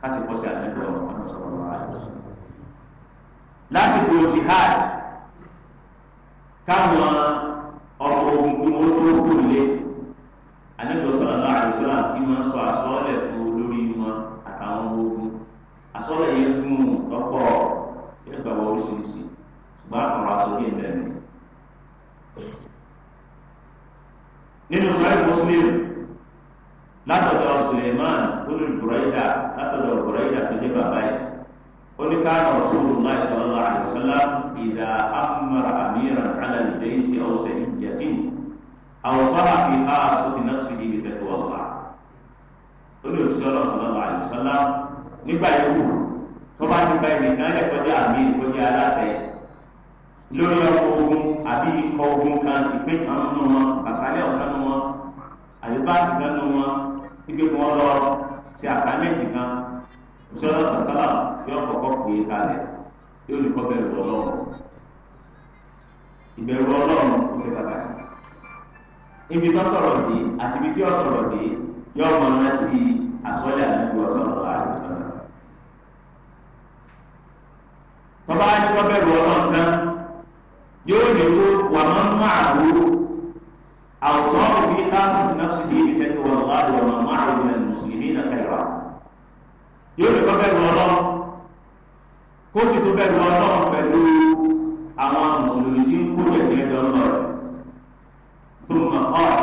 ká sì kọ́sí àdúgbò ọ̀nà sọ̀rọ̀ wá. lásìkò jihad káwọn ọkọ̀ ogun kí wọ́n tó kú lé àdúgbò sọ̀rọ̀ náà àdúgbò kí wọ́n sọ àsọ́ọ̀lẹ̀ fún olórí wọn àtàwọn ogun àsọ́ọ̀lẹ̀ yẹn gún ọ̀pọ̀ yẹn gbàgbọ́ oríṣiríṣi ṣùgbọ́n àkàrà àsọ̀rọ̀ nínú sọ́yìn muslim látọ̀dọ̀ suleiman olùbùrẹ́dà látọ̀dọ̀ bùrẹ́dà tó dé bàbá yìí ó ní ká lọ sóòrò láì sọ̀rọ̀ àdìsọ́lá ìdá amúra àmìrà alàlùdé ìṣe ọ̀sẹ̀ ìyàtì àwòfáà fi há sófin náà sí ibi tẹ̀kọ̀ ọ̀la olùsọ̀rọ̀ sọ̀rọ̀ àdìsọ́lá nígbà yòówù tó bá ti bá ẹnì kan lẹ́kọ̀ọ́jà àmì ìkọ́jà aláṣẹ lórí ọkọ̀ ogun àbí ikọ̀ ogun kan ìpín kan nínú wọn bàtàlẹ́ ọ̀kan nínú wọn àyùbáàkì kan nínú wọn ibi kí wọ́n lọ ṣe àsámẹ́ǹtì kan òṣèlú sàṣàlà yóò kọ́kọ́ pè é kalẹ̀ yóò lè kọ́ bẹ̀rù ọlọ́run ìbẹ̀rù ọlọ́run ó fẹ́ pàtàkì ibi tó sọ̀rọ̀ dé àti ibi tí ó sọ̀rọ̀ dé yóò mọ láti àsọ́lẹ̀ àdúgbò ọ̀sọ̀rọ̀ láàrin sọ̀rọ̀ tọ́ba á yóò lè kó wà máa ń máa wò ó àwòsàn òbí láti náà sì bí ìkẹ́kẹ́ wà wà lọ wà máa wò ẹ̀ mùsùlùmí náà kẹwàá yóò lè kọ́ bẹ́ẹ̀ lọ lọ kó sì tó bẹ́ẹ̀ lọ lọ pẹ̀lú àwọn mùsùlùmí tí ń kó jẹ̀jẹ̀ jọ lọ rẹ̀ tó mọ̀ ọ́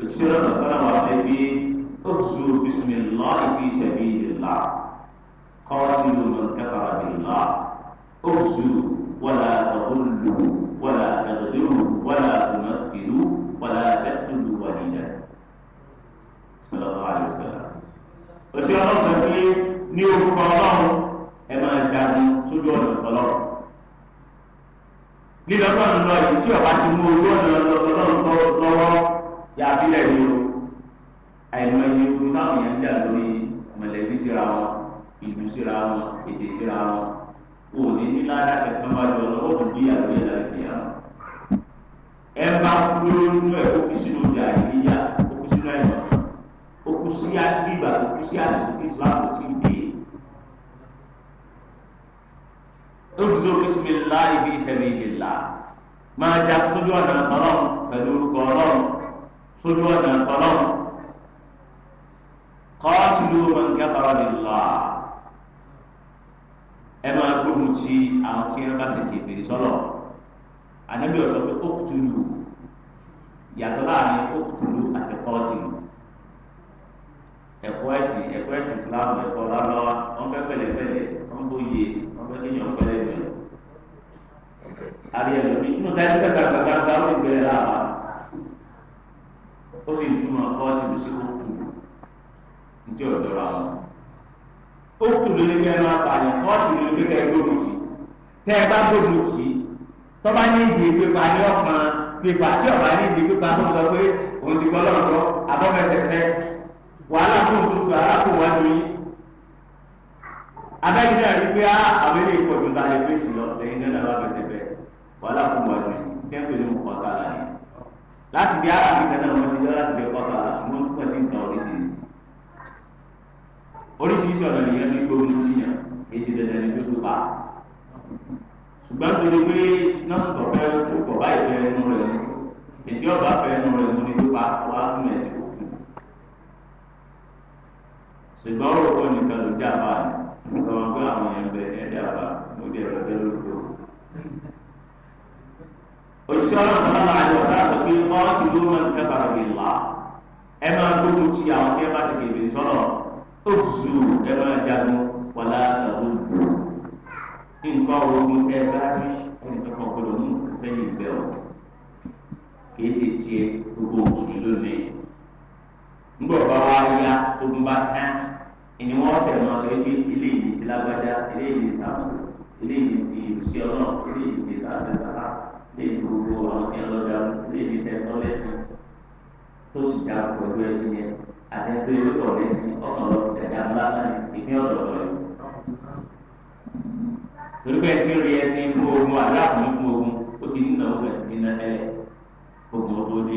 òṣìṣẹ́ lọ́sọ̀ sọ́nà wà fẹ́ bí ó tu bísí lọ́ ìbí ìṣẹ̀bí ìlà kọ́ sínú mọ̀ kẹfà ìlà ó tu. ولا تضلوا ولا تغدروا ولا تمثلوا ولا تقتلوا وليدا صلى الله عليه وسلم وسيرة الله ní orúkọ ọlọ́run ẹ máa jagun sójú ọ̀nà ọlọ́run lílọ náà ń lọ èyí tí ọba ti mú ojú ọ̀nà ọlọ́run lọ́wọ́ yà á bílẹ̀ ní o àìmọye ogun táwọn yẹn ń jà lórí mọ̀lẹ́bí síra wọn ìlú síra wọn èdè síra wọn kò ní ní lára kẹfẹ́ máa jọ lọ́wọ́ tó bí àgbẹ̀ là ń yà. ẹ bá kú lórí ẹ ó kú sínú ọjà ìyíyá ó kú sínú ẹ̀mọ́ ó kú sí àgbìgbà ó kú sí àsìkò tí Islam kò tí ì dé. ó fi sọ bismillah ibi ìṣẹ̀lẹ̀ ìlélá máa jà sójú ọ̀nà ọlọ́run pẹ̀lú orúkọ ọlọ́run sójú ọ̀nà ọlọ́run kọ́ sílùú mọ̀nkẹ́ bàbá mi lọ́ọ́ ẹ máa gbógun ti àwọn tí wọn bá ṣe kèfèrí sọlọ ànábì ọsọ pé ókùtùlù yàtọ̀ láàrin ókùtùlù àti kọọtìlù ẹ̀kọ́ ẹ̀sìn ẹ̀kọ́ ẹ̀sìn islam ẹ̀kọ́ lọlọwà wọn fẹ́ pẹ̀lẹ́pẹ̀lẹ́ wọn bóyè wọn fẹ́ kéèyàn pẹ̀lẹ́ jù àbí ẹlòmí inú dájú pẹ̀lú àgbàgbà ó ti gbẹrẹ láàbà ó sì túmọ̀ kọọtìlù sí ókùtùlù ní tí ò dọ̀rọ̀ àwọn ó tù lórí pé ẹnu apààyàn wọ́n tù lórí pé kẹ́ẹ́ gbógun tì tẹ́ ẹ bá gbógun tì tọ́ba ní ìdí pípa ní ọ̀kan pípa tí ọ̀bá ní ìdí pípa tó sọ pé òun ti gbọ́ lọ́dọ̀ abọ́fẹsẹ̀ fẹ́ wàhálà fún òtútù wàhálà fún wájú yín abẹ́ni náà rí pé àwọn ilé ìkọ̀jú ta lè fèsì lọ lẹ́yìn náà lọ́wọ́ bẹ̀tẹ̀ bẹ́ẹ̀ wàhálà fún wájú yín oríṣiríṣi ọ̀nà nìyẹn ní gbógun jiyàn kì í ṣe dandan ní gbogbo bá ṣùgbọ́n torí pé nọ́ọ̀sì tó fẹ́ tó kọ̀ báyìí fẹ́ ẹnu rẹ̀ mú ètí ọba fẹ́ ẹnu rẹ̀ mú ní pípa wá fún ẹ̀sìn òkun ṣùgbọ́n ó rò pé nìkan ló dé àbá ni ọmọ pé àwọn èèyàn bẹ ẹ dé àbá mo dé ẹ̀rọ bẹ́ẹ̀ lóko. òṣìṣẹ́ ọlọ́run náà máa yọ sáà sọ pé ọ́n ti ló máa ń kẹ́kọ̀ọ́ oṣù ẹ máa jagun wàlá àtàwọn òkú nǹkan ogun ẹ bá rí ẹnìkan kan gbọ́dọ̀ mú sẹ́yìn ìgbẹ ọ kìí ṣe tiẹ̀ gbogbo oṣù lónìí nígbà bá wá yá tó ń bá tán ìní wọn ṣe máa sọ pé ilé ìlú ti lágbájá ilé ìlú ti àwọn ilé ìlú ti ìrùsí ọlọ́run ilé ìlú ti tàbí ilé ìlú gbogbo àwọn tí wọn lọ jagun ilé ìlú tẹ tọ́lẹ́sìn tó sì dá pẹ̀lú ẹ̀sìn yẹn àtẹ̀pẹ́ yóò rẹ̀ sí ọ̀sán lọ tẹ̀ka lásán ìpín ọ̀dọ̀dọ̀ yìí. torí pé tí ó rí ẹsìn fún ogun aláàbò fún ogun ó ti nínà ó bẹ̀rẹ̀ sí ní nẹ́tẹ́lẹ̀ ogun tó dé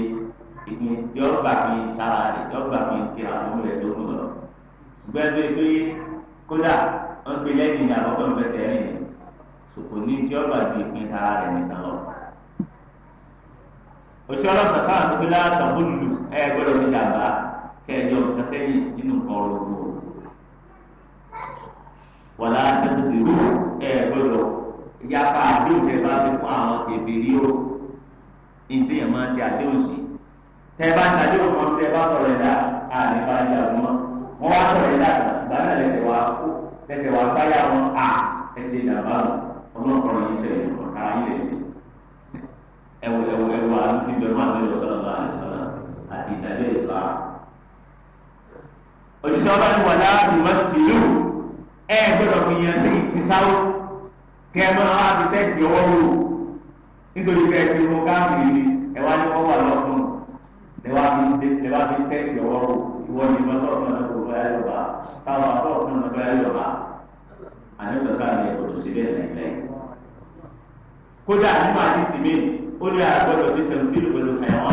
ìpín tí ó gbà fi tara rẹ̀ tí ó gbà fi ti àwọn ọmọ rẹ̀ tó kù lọ. ṣùgbọ́n ẹgbẹ́ pé kódà wọ́n pe lẹ́yìn àkọ́kọ́ ìfẹsẹ̀ rìn ṣòkò ní tí ó gbà ìpín tara rẹ̀ nìkan òṣìṣẹ́ ọlọ́sàn sáà tó fi láàtọ̀ bólúlù ẹ̀ gbọ́dọ̀ fi dàgbà kẹjọ nǹkan sẹ́yìn nínú nǹkan ọ̀rọ̀ wàlá àtẹnudìrú ẹ gbọ́dọ̀ yapa àdéhùn tẹ bá fi fún àwọn kèbèrè o ìdí yẹn máa ṣe àdéhùn sí tẹ bá ń ṣàdéhùn kan tẹ bá sọ̀rọ̀ ẹ̀dá àní bá yà wọn mọ wọn wá sọ̀rọ̀ ẹ̀dá ìgbà náà lẹsẹ wá kó lẹsẹ wá gbáyà wọn à ẹsẹ ìdàgbà ọlọ́pàá yìí ṣe ọ̀tá ayé rẹ ẹwọ ẹwọ ẹwọ àti ìdọ̀mọ́ àti ìdọ̀sọ̀rọ̀ àti ìdàgbà ìsìlámù òṣìṣẹ́ ọlọ́run wà láàbù mọ́tìlú ẹ gbọ́dọ̀ fi yan sí ti sáwó kẹ ẹ máa wá fi tẹ́sì ọwọ́ wò nítorí kẹ ẹ ti mú káàkiri ẹ wá ní wọ́n wà lọ́kùn ẹ wá fi tẹ́sì ọwọ́ wò ìwọ ni wọ́n sọ̀rọ̀ náà lọ́kùn bá yà lọ́ba táwọn àtọ̀rọ̀ náà bá yà lọ́ba àní sọ̀sá ni ẹ̀kọ́ tó ṣe bẹ́ẹ̀ lẹ́yìn kódà nínú àdìsí mi ó ní àgbọ̀dọ̀ tó tẹ̀lé pẹ̀lú àyàwó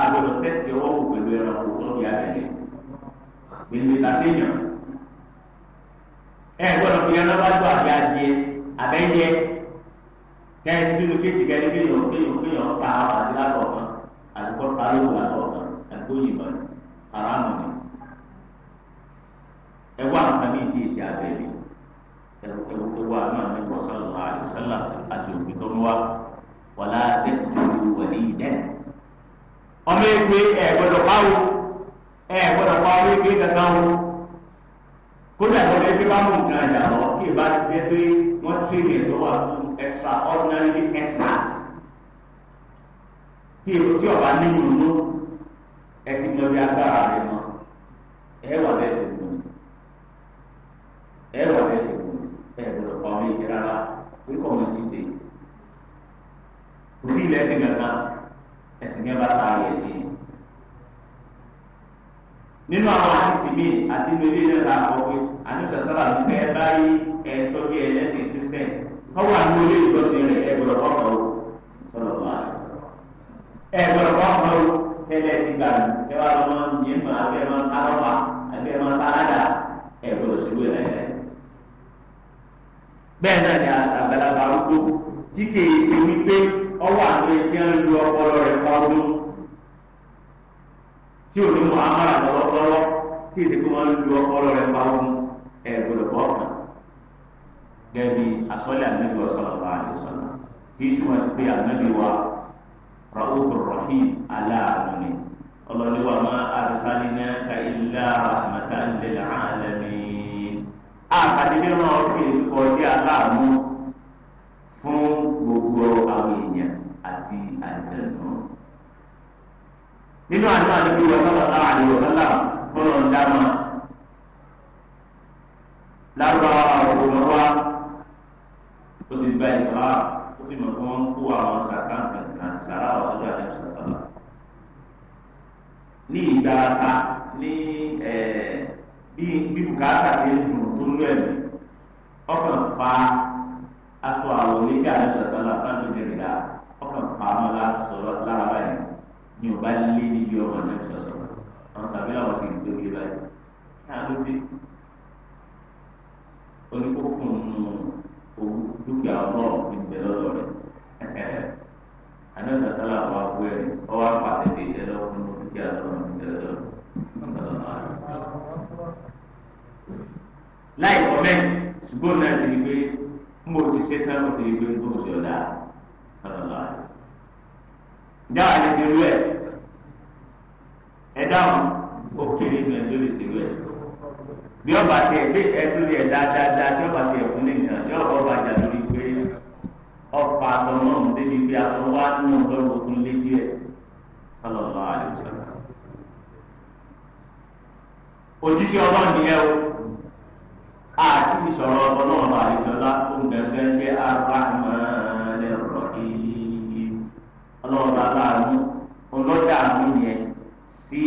àgbọ̀dọ̀ tẹ́sì ọwọ́ wò pẹ̀lú ẹranko fún ìyá tẹ̀lé gbèlè làṣẹyàn ẹ gbọ́dọ̀ fi ẹran bá tó àbí adìẹ abẹyẹ kẹrin sínú kéjì kẹrin kéèyàn kéèyàn kéèyàn pa àwọn àṣìlá kọ̀ọ̀kan àdúgbò parọwò àkọọkan àdúgbò yìnbọn haramu ni ẹ wá nǹkan ní ìdí ìṣe abẹ́rẹ́ ẹwà náà ní bọ́sálù àìsálà àti òfin tó ń wá wàlá dẹ́kun wẹ̀lí dẹ́n ọmọ ẹgbẹ́ ẹ gbọ́dọ̀ báwo ẹ gbọ́dọ̀ pa owó ìgbé kankan o kódà ìwọlé bí bá mú nǹkan àjà lọ tí ìbá ti jẹ pé wọ́n tún ìrìn tó wà fún extraordinary expert tí tí ọba nínú inú ẹ ti mọ bí agbára rẹ mọ ẹ wà bẹ́ẹ̀ ti mú ẹ wà bẹ́ẹ̀ ti mú ẹ gbọ́dọ̀ pa owó ìgbé rárá pé kọ́ ọmọ ti dé kò tí ilẹ̀ ẹsìn kankan ẹsìn yẹn bá ta ayé sí i nínú àwọn àdìsí mi àti inú ilé náà la kọ pé àníṣà sábà ní ẹ báyìí ẹ tọ́jú ẹ lẹ́sìn kristian tọ́wọ́ àti olè ìjọsìn rẹ̀ ẹ gbọ́dọ̀ kọ́kọ́ o sọ̀rọ̀ bá ẹ gbọ́dọ̀ kọ́kọ́ o tẹ́lẹ̀ ti gbà mí ẹ wá lọ́mọ yẹn mọ abẹ́ mọ kálọ́fà abẹ́ mọ sáádà ẹ gbọ́dọ̀ sí wẹ̀ láyé náà ni àgbàlagbà arúgbó tí kèé ṣe wípé ọwọ́ àti ẹ̀ ń lu ọpọlọ rẹ̀ kọ́ ọdún tí ò ní mọ amára lọ́wọ́lọ́wọ́ tí èdè kí wọ́n lu ọpọlọ rẹ̀ bá wọn ẹ̀gbọ́dọ̀ bọ́ ọ̀kan. gẹ́gẹ́ asọ́lẹ̀ ànábì sallallahu alaihi wasallam tí ìtumọ̀ ti pé ànábì wa ra'ufur rahim aláàánú ọlọ́ni wa ma arsalnaka illa rahmatan lil alamin. àkàdé bí wọn kì í kọjá aláàánú fún gbogbo nínú àti àdúgbò wọn sábà náà àdúgbò sálà fọlọ ń dáná lárúbáwá àwọn ọmọ wa ó ti gba ìsọ̀rọ̀ ó ti mọ̀ pé wọ́n ń kó àwọn sàkáǹtì àti sàrà ọ̀dọ́ àti sọ̀sọ̀lá. ní ìgbà ta ní bí bùkátà ṣe ń dùn tó lú ẹ̀mí ọkàn fa aṣọ àwọn oníkẹ́ àti sọ̀sọ̀lá fáńdé nìyẹn dá ọkàn pa mọ́ lára báyìí ni ò bá lé níbi ọmọ náà sọ̀sọ̀ àwọn sàbí làwọn sì ń tó lé báyìí náà ló dé oníkókò nù owó dúkìá ọlọ́run ti ń bẹ lọ́dọ̀ rẹ̀ anọ́sà sálà wà wú ẹ̀ ọwọ́ apàṣẹ tè jẹ́ lọ́wọ́ nínú dúkìá ọlọ́run ti ń bẹ lọ́dọ̀ láì kọ́mẹ́ntì ṣùgbọ́n náà ti di pé mo ti ṣe tán mo ti di pé mo ti ọ̀dà sọ̀rọ̀ lọ́wọ́ ǹjẹ́ àwọn lè ṣerú ẹ̀ ẹ dáhùn ó kéré ní ẹjọ́ lè ṣerú ẹ̀ bí ọba tiẹ̀ gbé ẹjọ́ lè dáadáa tí ọba tiẹ̀ fún lè nà yọ ọba ọba jà lórí pé ọ̀pá àtọ̀nà ọ̀hún débi pé àtọ̀nà wà nínú ọ̀dọ́rùn òkun lé sí ẹ̀ sọlọ́ọ̀lọ́ àlejò ojúṣe ọlọ́run nìyẹn o àti ìsọ̀rọ̀ ọlọ́run àlejò ọlá tó ń gẹ́gẹ́ gẹ́ arúgbó ọlọ́run bá láàánú ọlọ́dà àánú yẹn sí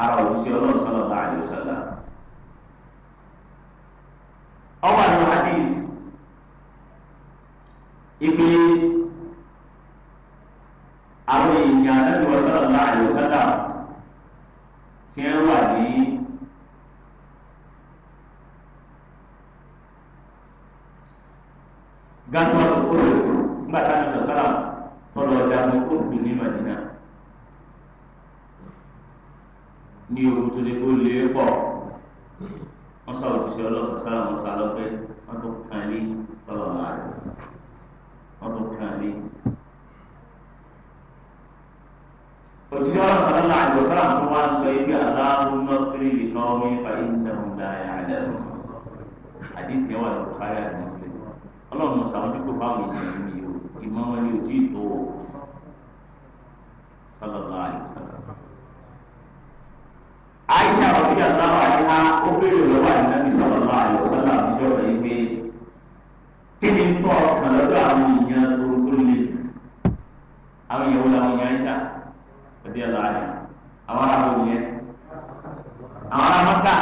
ara òṣìṣẹ́ ọlọ́run sọ̀rọ̀ bá àyè sọ̀rọ̀. ọwọ́ àti hadith ipe àwọn èèyàn àtẹ́tù ọ̀sọ̀rọ̀ bá àyè sọ̀rọ̀ tí ń wà ní. gasọ́ọ̀tù kúrò nígbà tá a ti sọ̀rọ̀ kọlọ ọdà mọkò ń gbìn ní madina ní òkú tó lè kó lè pọ wọn sá òṣìṣẹ́ ọlọsọ sára wọn sá lọpẹ wọn tó kàn ní sọlọ láàrẹ wọn tó kàn ní. òṣìṣẹ́ ọlọsọ náà àjọ sára tó wá ń sọ ibi aláàrùn náà nìkan omi fa ìdáhùn dáhà àdáhùn àdìsí ẹwà lọkọ káyà ní ọlọ́run sàwọn dípò báwọn ènìyàn ní ìmọ̀ wọn ni ò tí ì tó o sallallahu alaihi wasallam. àìsà òbí àtàwọn àyíká ó béèrè lọ́wọ́ àìnábì sallallahu alaihi wasallam níjọba yìí pé kí ni tọ́ ọkàn lọ́dọ̀ àwọn èèyàn tó tó lè jù àwọn èèyàn wo làwọn èèyàn ń ṣá òbí àlàyé àwọn ará wo yẹn àwọn ará mọ́tà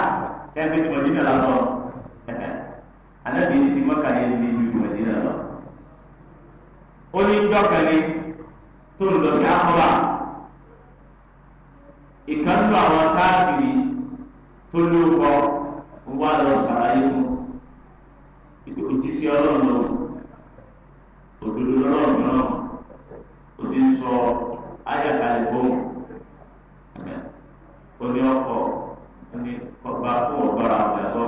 sẹ́yìn pé tìmọ̀dínà lọ́wọ́ ànábì ti mọ́tà yẹn ó ní jọ́kẹ́lẹ́ tó ń lọ sí àkọ́bà ìkànnì àwọn káàkiri tó lóko wà lọ sàlàyé fún ìpè òjísé ọlọ́run lọ òdodo lọ́rùn náà ó ti ń sọ ayàkàlẹ̀ fún òní ọkọ̀ ọgbà fún ọgbà àwọn ẹ̀sọ́.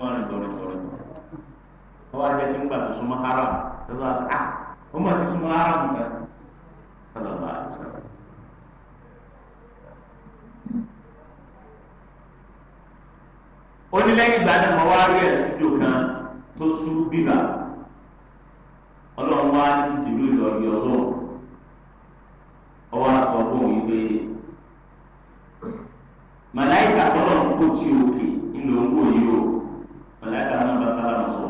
máa rìn tọ̀rìn tọ̀rìn ọwọ́ ajẹ́ tí ń gbà tó súnmọ́ haram lọ́dọ̀ àti à ó mọ̀ sí haram kan sábàbà àìsàn. ó ní lẹ́yìn ìgbà náà mo wá rí ẹ̀sùjò kan tó sú bíbà ọlọ́run wá ní ìdìbò ìlọrin ọ̀ṣọ́ ọwọ́ aṣọ fún òun pé màláìkà tọ́lọ̀ ń kó tí òkè ńlọ ń yìí o mọ̀lẹ́kà náà bá sára wọn sọ.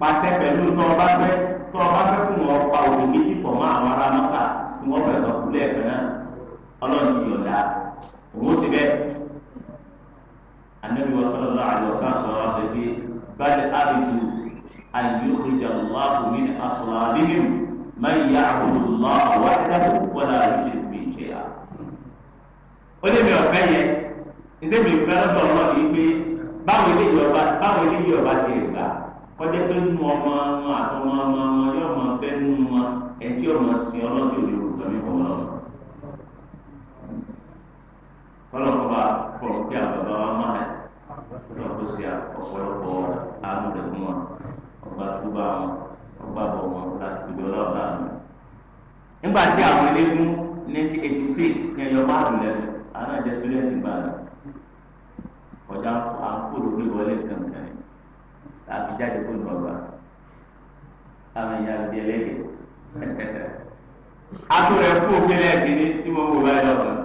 pàṣẹ pẹ̀lú tọ́ ọba fẹ́ tọ́ ọba fẹ́ kún wọn pa òbí méjì pọ̀ mọ́ àwọn ará mọ́ta tí wọ́n fẹ́ lọ́ọ́ kúlẹ̀ ẹ̀fẹ́ náà ọlọ́run ti yọ̀dá òun ó sì bẹ́ẹ̀. anabi wa sallallahu alayhi wa sallam sọ̀rọ̀ sọ pé báyìí abidu ayélujára aláàbò mi ni asọ̀rọ̀ abíyẹn máa yà àbúrò lọ́wọ́ wáyé wọ́lá ayélujára ó lé mi ọ̀fẹ́ yẹ ǹdẹ́ mi fẹ́ lọ́dọ̀ ọlọ́ọ̀ yìí pé báwo eléyìí ọba báwo ti kọjá pé nínú ọmọ wọn àtọmọ ọmọ wọn yóò mọ bẹ nínú ẹtí ọmọ sin ọlọ́dún òní òkùnkàn ní ọmọ náà kọlọkọba fọlọ pé àbàbà wa máa lọ kó sí ọ̀pọ̀lọpọ̀ fún ọgbà wọn ọgbà wọn láti ọlọ́run náà nígbà tí àwọn 1986 lẹ́nu àwọn àjẹsílẹ̀ ti kọjá à ń fò lórí ìwọlé kankan tàbí jáde kó nù ọgbà àwọn èèyàn àti ẹlẹ́gẹ̀ẹ́ ató rẹ kó gbélé ẹ̀kíní tí wọ́n wò báyìí lọ́kàn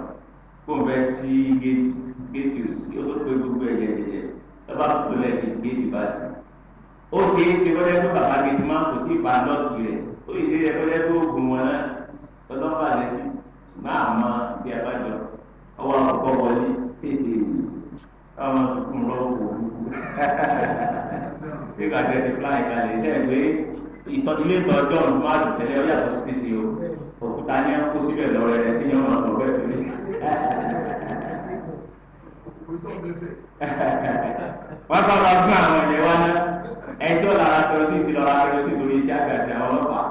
kó n fẹ́ sí géètì géètì òsì ó tó pé gbogbo ẹ̀jẹ̀ jẹjẹ lọ́ba tó lẹ́ẹ̀kí géètì bá sí ó ṣe é ṣe wọlé fún bàbá géètì máa kò tí ì bá lọ́ọ̀tù rẹ̀ ó yìí ṣe é fún oògùn wọn náà ọlọ́pàá lẹ́sìn máa mọ bí abájọ ọwọ́ àkọ́kọ́ wọlé tètè ìlú ọmọ tuntun lọ wò ó bí kàdé ti plan ìkàlẹ̀ iṣẹ́ ìwé ìtọ́ ilé ìtọ́ john máàlù tẹ́lẹ̀ ó yàtọ̀ sí pèsè o òkúta ní ẹ̀kú síbẹ̀ lọ́rẹ́ rẹ̀ kí ni ọmọ tó bẹ́ẹ̀ fi. wọ́n bá wa fún àwọn ẹ̀yẹ wa náà ẹjọ́ lára kẹrọsìn ti lọ́ra kẹrọsìn lórí ìjà àgbàjì àwọn ọlọ́pàá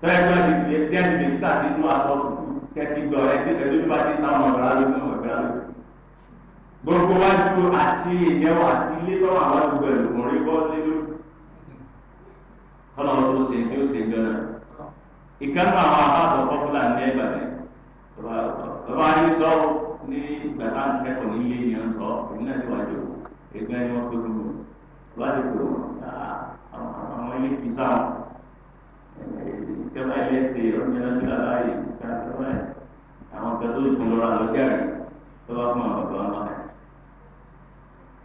tọ́lẹ́gbọ́n ti fi ẹ̀ díẹ̀ ti fi sàṣìlú àtọ́kù gbọ́ ẹ̀ tí bá ti táwọn ọ̀gá gbogbo wájú àti ìyẹ̀wò àti ilé tó wà wájú pẹ̀lú ọkùnrin bọ́ lé lórí kọ́nà ọ̀rọ̀ tó ṣe tí ó ṣe jọ náà ìkànnì àwọn àbábọ̀ pọ́pùlà ní ẹ̀bàdàn bàbá yìí sọ ní ìgbà táwọn akẹ́kọ̀ọ́ ní ilé yẹn ń sọ èmi náà ti wájú ẹgbẹ́ ni wọ́n pé gbogbo wọ́n ti pè wọ́n àwọn ilé fi sáwọn ìjọba ilé ṣe ọ̀gbìn náà ti rà láàyè àwọn kan tó ìpínlọ́ra lọ́jà rẹ̀ tó fún àwọn bàbá wọn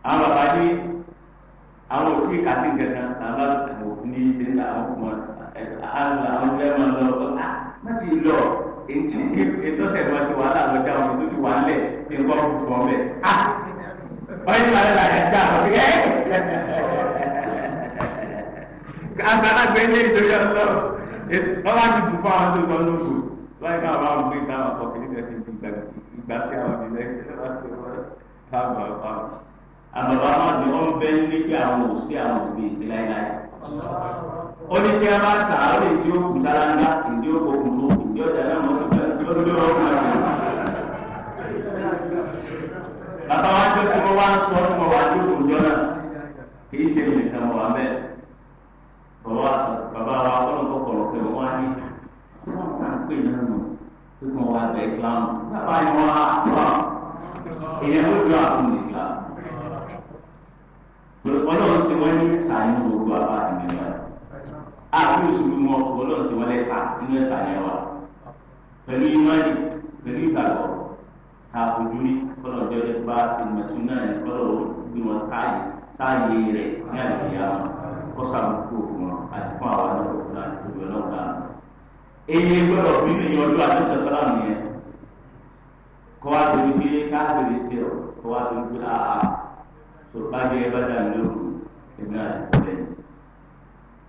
àwọn bàbá ní àwọn òtí kàsí nǹkan kan àwọn bá ní ṣe ní àwọn ọmọ àwọn àwọn ilé ọmọ lọ ọ̀tá ah, wọ́n ti lọ ètí ìtọ́sẹ̀ wọn ṣe wàhálà lọ́jà wọn tó ti wà lẹ̀ kí n kọ́ fún fún ọmọ ẹ̀ á ah! wọ́n ti wàhálà lọ́jà ẹ̀dá àwọn ẹ̀ àgbàlagbẹ́ ilé ìtòrí ọlọ́ wọ́n bá ti bù fún àwọn tó lọ lóko wọ́n yẹ káwọn máa gbé káwọn kọ̀ọ̀kì nígbà tí ìgbà sí àwọn ìlẹ́yìn àbàbà máa bí wọn bẹ ní pé àwọn ò sí àwọn òbí ti láéláé ó ní tí a bá sà á lè tí ó kù sára ńlá ìdí ó kò kù so ìdí ọjà náà mọ ìdí ó dúró ọkùnrin rẹ. bàbá wa jẹ́ kí wọ́n wá ń sọ fún wa ní òkùnjọ́ náà kì í ṣe nìkan wà bẹ́ẹ̀ bàbá bàbá wa ọlọ́run kọ̀ọ̀kan pé wọ́n á ní tí wọ́n kà ń pè náà nù pé wọ́n wá gba ìsìlámù bàbá yìí wọ́n á wà ìyẹn ló dúró àkùnrin ìsìlámù ọlọ́run ṣe wọ́n ní sàánú gbogbo àbá àdìgbò náà àbí òṣèlú wọn fún ọlọ́run ṣe wọ́n lẹ́sà nínú ẹ̀sà yẹn wa pẹ̀lú ìmọ̀lì pẹ̀lú ìgbàgbọ́ àbójú rí kọ́lọ̀ ọjọ́ ẹ bá sinimẹ̀sùn náà ní kọ́lọ̀ gbé wọn káyè sáàyè rẹ̀ ní àgbéyà wọn kọ́ sàmùkú òfin wọn àti fún àwọn alákòókò àti tóbi ọlọ́run náà. èyí gbọ́dọ̀ bí ní ọjọ́ àdúgbò sọ́lá nìyẹn kọ́ wá torí pé káàkiri ṣe kọ́ wá torí pé àà tó bá jẹ ẹ bá dà mí lóru èmi náà lè bọ́lẹ̀ ni.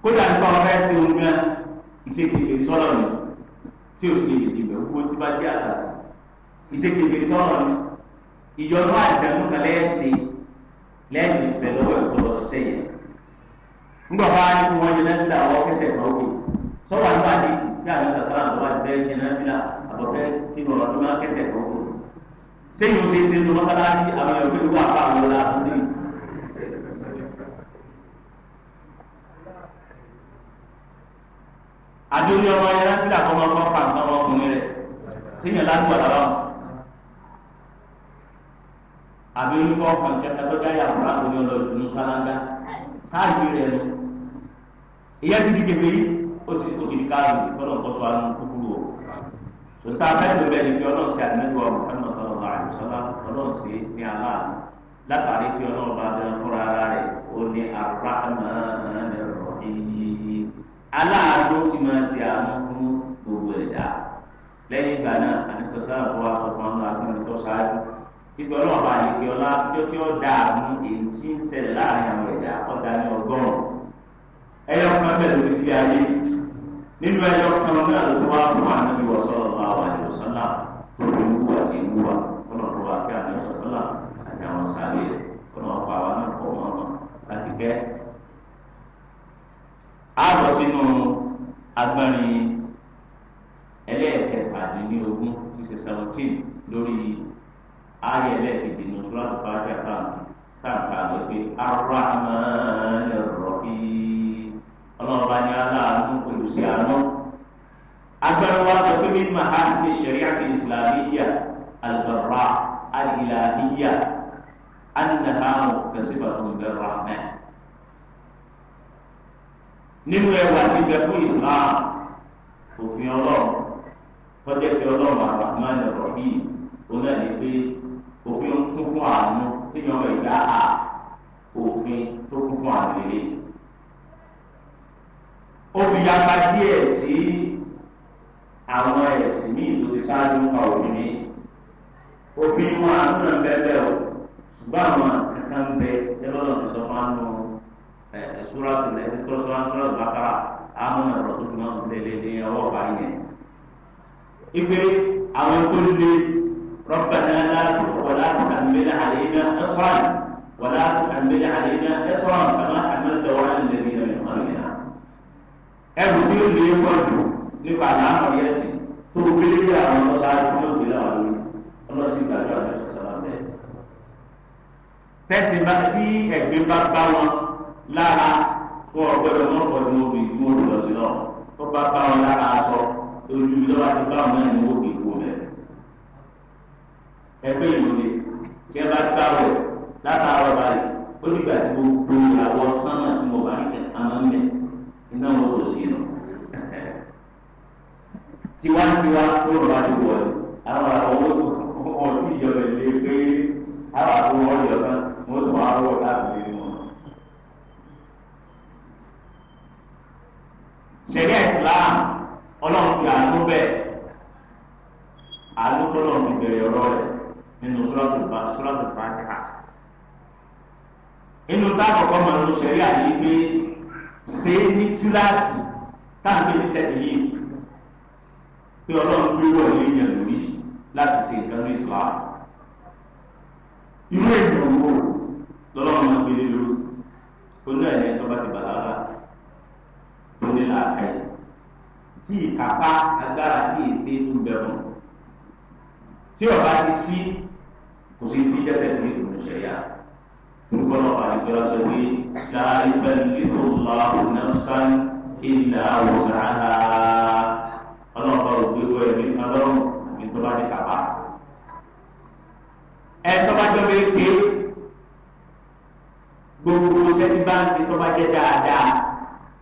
kódà nípa ọ̀rẹ́ sí ohun gan ìṣèkèké sọ́lọ̀ mi tí o sì lè dìbò owó tí bá jẹ́ àṣàṣì ìṣèkèké sọ́lọ̀ mi ìyọnu àjẹmú kan lẹ́ẹ̀sìn lẹ́yìn ìfẹ́ lọ́wọ́ ìtọ́lọ́ ṣiṣẹ́ yẹn. ńgbà wá ní wọn yẹn náà nílà ọwọ́ kẹsẹ̀ kan òkè sọ́wọ́ àti wàá dìísì bí àwọn sàṣàrà àbọ̀wá ti bẹ́ẹ̀ yẹn náà nílà àbọ̀fẹ́ kí ni ọ̀rọ̀ tó máa kẹsẹ̀ kan òkè. sẹ́yìn ó ṣe é ṣe ní mọ́sálásí àwọn ẹ̀rọ pẹ̀lú àdóni ọmọ yẹn láti dà kọ́mọ kọ́ pa nǹkan ọmọkùnrin rẹ̀ síyàn ládùúgbò àlọ́ àbí oníkọ́ ọkàn kẹta tó dá yàrá láti ní ọlọ́ ìdùnnú sálángá sáàyè rẹ̀ nù ìyá ti di kékeré ó ti ó ti di káàdì ìkọ́nà kọ́sọ àánú kúkúrú o tòótá abẹ́rẹ́ bẹ́ẹ̀ ni pé ọlọ́run ṣe àdínẹ́gbẹ́ ọmọ kánà sọ̀rọ̀ bá àyùsọ́lá ọlọ́run ṣe ní aláàánú látàrí pé ọlọ́run bá bẹ́ẹ̀ fúnra rẹ̀ ó ní àrùbá àmọ́ ẹ̀ rọ̀ ẹ̀yìn aláàánú ti máa ṣe àánú fún gbogbo ẹ̀dá lẹ́yìn ìgbà náà àníṣọ́sá àbọ̀ àtọ̀fọ́n náà akínrin tó ṣáájú ibi ọlọ́ọ̀bá àyèké ọlá tó tí ó dá àánú èyí tí ń ṣẹlẹ̀ láàrin àwọn ẹ̀dá ọ̀dà ní ọgọ́rùn-ún ẹyọ kan bẹ̀rẹ̀ lórí sí ayé nínú ẹyọ kan náà ló wá fún àná ìwọ̀sọ̀rọ̀ àwọn àyèwòsàn náà tó ń wúwa ti ń wúwa. agbẹ́rin ẹlẹ́ẹ̀kẹtàdínlógún ti ṣe seventeen lórí ayé ẹlẹ́ẹ̀kejì ní oṣù láti fàájì àtàwọn táǹkà ló pé Ar-Rahman Ar-Rahim ọlọ́ọ̀bá ní aláàánú olùsí àánú. agbẹ́rin wa sọ pé mímọ àti ṣẹ̀ríà ti ìsìlámíyà al-barra al-ilahiyya annaha muttasifatun bir-rahman nínú ẹwà ti bẹ fún islam òfin ọlọ́run tọ́jẹ́ ti ọlọ́run àràmán ẹ̀rọ̀bí oná ní pé òfin kún fún àánú téèyàn ọmọ ìyá à òfin tó kún fún àlèrè. obìyapa díẹ̀ sí àwọn ẹ̀sìn míì tó ti ṣáájú nípa obìnrin òfin wọn àánú náà bẹ́ẹ̀ bẹ́ẹ̀ o ṣùgbọ́n àwọn kankan bẹ ẹ lọ́dọ̀ tó sọ fún àánú wọn sùúràtù lẹ́yìn kọ́sọ́lá sùúràtù bàkàrà àwọn ọ̀rọ̀ tó tún wọn lélẹ̀ ní ọwọ́ ọ̀bàrí yẹn. ipe àwọn tó lé ربنا لا ولا تحمل علينا إصرا ولا تحمل علينا إصرا كما حملته على الذين من قبلنا ẹrù tí ó lè pọ̀ jù nípa àlàáfọ̀ yẹn sì tó o gbé lórí àwọn ọlọ́sàájú tó gbé láwọn lórí ọlọ́sì gbàgbé àjọṣọ sábà bẹ́ẹ̀. tẹ̀sí bá tí ẹ̀gbin bá bá wọn lára kó o gbọ́dọ̀ mọ ọkọ ní obì kú o lọ sí lọ tó bá bá ọ lára aṣọ ojú mi lọ́wọ́ àti báwọn náà ní obì kú o bẹ̀. ẹgbẹ́ ìwòye tí ẹ bá gbà wẹ̀ látàárọ̀ báyìí ó nígbà tí gbogbo ìyàwó sánmà tí mo bá ń tẹ̀ àmọ́ ń bẹ̀ iná wọn kò sí lọ. tiwantiwa tó lọ bá ti wọlé àwọn àwọn owó ọtí ìjọba ìlé pé àwọn àbúrò ọjọba mo tún wá wọ láti ṣẹ̀rí islam ọlọ́run fi àánú bẹ́ẹ̀ àánú tó lọ́run fi bẹ̀rẹ̀ ọ̀rọ̀ rẹ̀ nínú suratul fatiha inú táàkọ̀kọ́ mọ̀ ló ṣẹ̀rí àyè pé ṣe é ní túláàsì táàbí ní tẹ̀lé yìí pé ọlọ́run gbé wọlé èèyàn lórí láti ṣe nǹkan ní islam irú èèyàn wo lọ́lọ́run máa gbé lórí onú ẹ̀yẹ tó bá ti bàlágà ní làákàyè tí ìkápá agbára tí èsè tún bẹ̀rù tí ọba ti sí kò sí ti jẹ́ tẹ̀lé ìdùnnú ṣẹ̀yà nígbà wọn bá ìjọba sọ pé láàyè bẹ́ẹ̀ nínú làwọn náà sáré ìlà àwòrán ọlọ́ọ̀bá ògbéwọ̀ ẹ̀mí ọlọ́run ní tó bá ní kápá ẹ tọ́ba jọ bẹ́ẹ̀ ké gbogbo sẹ́tí bá tọ́ba jẹ́ dáadáa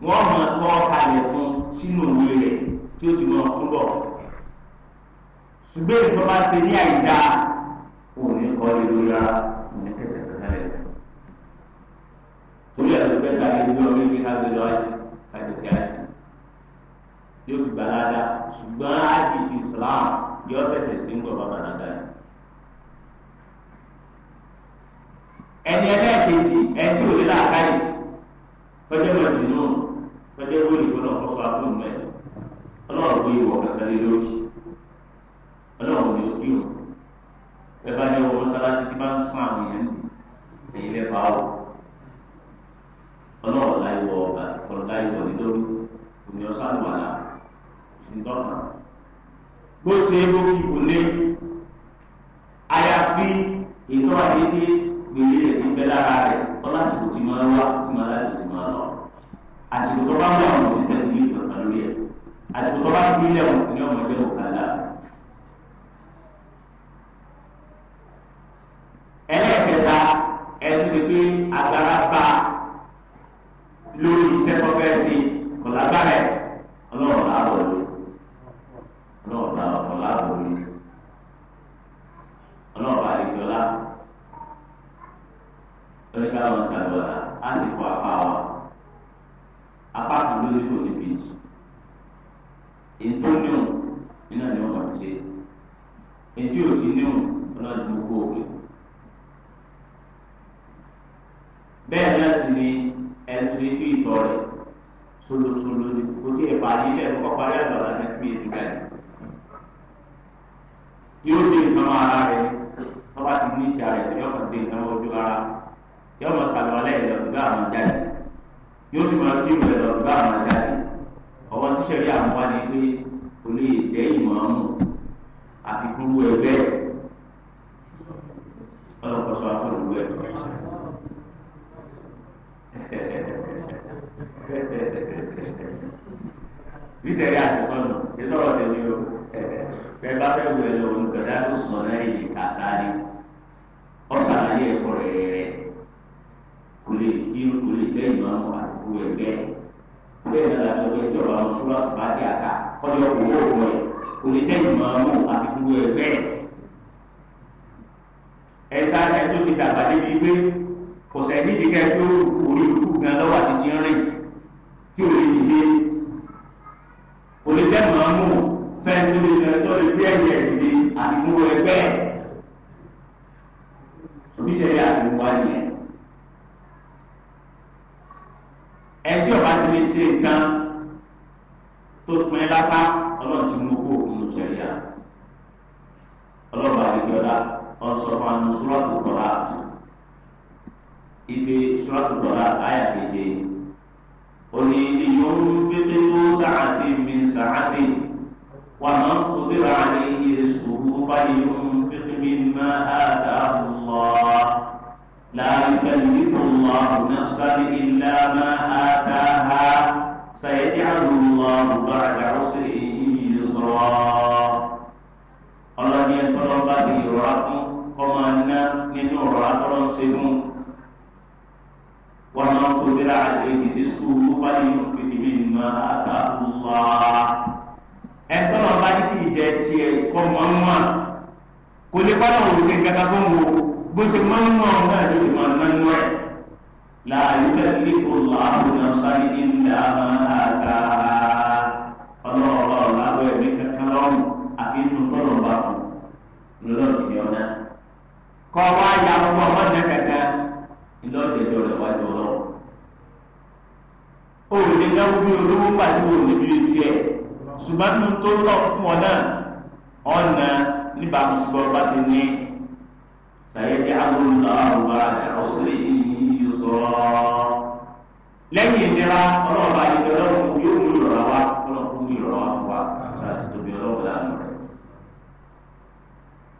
wọ́n mọ̀ tó kalẹ̀ fún sínú òwe rẹ̀ tí ó ti mọ̀ fún bọ̀. ṣùgbọ́n ìtọ́ bá ṣe ní àyíká òní kọ́ lè lórí ara òní kẹsẹ̀ kankanlẹ̀. torí ẹ̀sùn bẹ́ẹ̀ ta ẹni bí ọmọ ibi ká gbé lọ ayé kájọ sí ayé yóò ti gbà láda ṣùgbọ́n ájì ti Islam yóò ṣẹ̀ṣẹ̀ sí ń gbọ̀ bàbá láda yìí. ẹni ẹlẹ́ẹ̀kejì ẹni tí ò lè láàkáyè tọ́jú ẹ̀rọ ìdùnnú ọjọ́ ìwé ìwé náà kọ́ bá fún mẹ́ ọlọ́run gbé ìwọ̀ kankan lé lórí ọlọ́run ní òkè òun ẹ bá ní ọwọ́ mọ́sálásí tí bá ń sún àwọn èèyàn nì ẹ̀yìn lẹ́fà áwọ̀ ọlọ́run láì wọ ọ̀gá ọ̀rọ̀ láì wọ̀ ní lórí òní ọ̀sán lù wàlà ìṣìntọ́nà bó ṣe é bókì kò lé àyàfi ìtọ́ àdédé gbèrè rẹ̀ ti bẹ́ lára rẹ̀ ọlásìkò ti máa wá ti máa lásìkò ti máa lọ àsìkò tó bá wà ní ìfẹ́ sí ìjọba lórí ẹ̀ àsìkò tó bá fi ilẹ̀ wọn ní ọmọ ẹgbẹ́ wọn. ìṣẹ̀lẹ̀ àtisọ́nù ìṣọ̀rọ̀ tẹ̀lé o bẹ́ẹ̀ bá fẹ́ wẹ̀ lọ olùgbàdá ló sùn náà yìí kà sáré ọ̀sàlàyé ẹ̀kọ́ rẹ̀ rẹ̀ kò lè kí kò lè bẹ́ẹ̀ ní wọn àdúgbò ẹ̀ bẹ́ẹ̀ bẹ́ẹ̀ náà lásán pé ìjọba àwọn ṣúra bá ti àká kọ́jọ́ kò wó òkú ẹ̀ kò lè tẹ́ ìmọ̀ àwọn àdúgbò ẹ̀ bẹ́ẹ̀ ẹ̀ta ẹ̀ tó ti dàgbà débi pé kò sẹ́ni ìdíkẹ́ tó orí òkú gan lọ́wọ́ àti ti rìn tí ò lè dìde ẹni tó lè gbé ẹ̀yẹ ìdílé àdìmúrò ẹgbẹ́ oníṣẹ́lẹ̀ àdìmúwá nìyẹn. ẹtí ọba ti lè ṣe nǹkan tó pin ẹ lápá ọlọ́run ti mú kó òkun ṣẹlẹ̀ à ọlọ́run àdìgbọ́lá ọ̀sọ̀rọ̀ àwọn sùrọ̀tù kọ̀ọ̀lá ibi sùrọ̀tù kọ̀ọ̀lá ayà kéde òní ìyóhùn fẹ́fẹ́ tó sàátì min sàátì. ومن قدر عليه رزقه فلينفق مما آتاه الله لا يكلف الله نفسا إلا ما آتاها سيجعل الله بعد عسر يسرا الله يطلب سيراكم كما nínú ọ̀rọ̀ atọ́rọ̀ ṣe mú wọn náà kó bẹ́rẹ̀ àti èyí tí ẹtọ́nà ọba ní kì í jẹ tiẹ̀ kọ́ mọ́ ń wà kò ní kọ́ náà òṣè kankan fún wo bó ṣe mọ́ ń wà ọ̀ náà ló mọ̀ ẹ̀ láàyè bẹ́ẹ̀ ní olùlọ àbúrò sáré ní ọlọ́ọ̀lọ́ ẹ̀mí kankan lọ́rùn tọ́lọ̀ bá fún lọ́dọ̀ kọ́ ṣùgbọ́n nínú tó tọ̀ fún ọ náà ọ̀nà nípa mùsùlùmí bá ti ní sàyẹ́dì àbúrò àrùbá ọ̀sẹ̀ ìyíyọ̀sọ̀rọ̀ lẹ́yìn ìnira ọlọ́run bá yẹ ọlọ́run yóò mú ìrọ̀rọ̀ wá ọlọ́run mú ìrọ̀rọ̀ wá láti tóbi ọlọ́run lánàá rẹ̀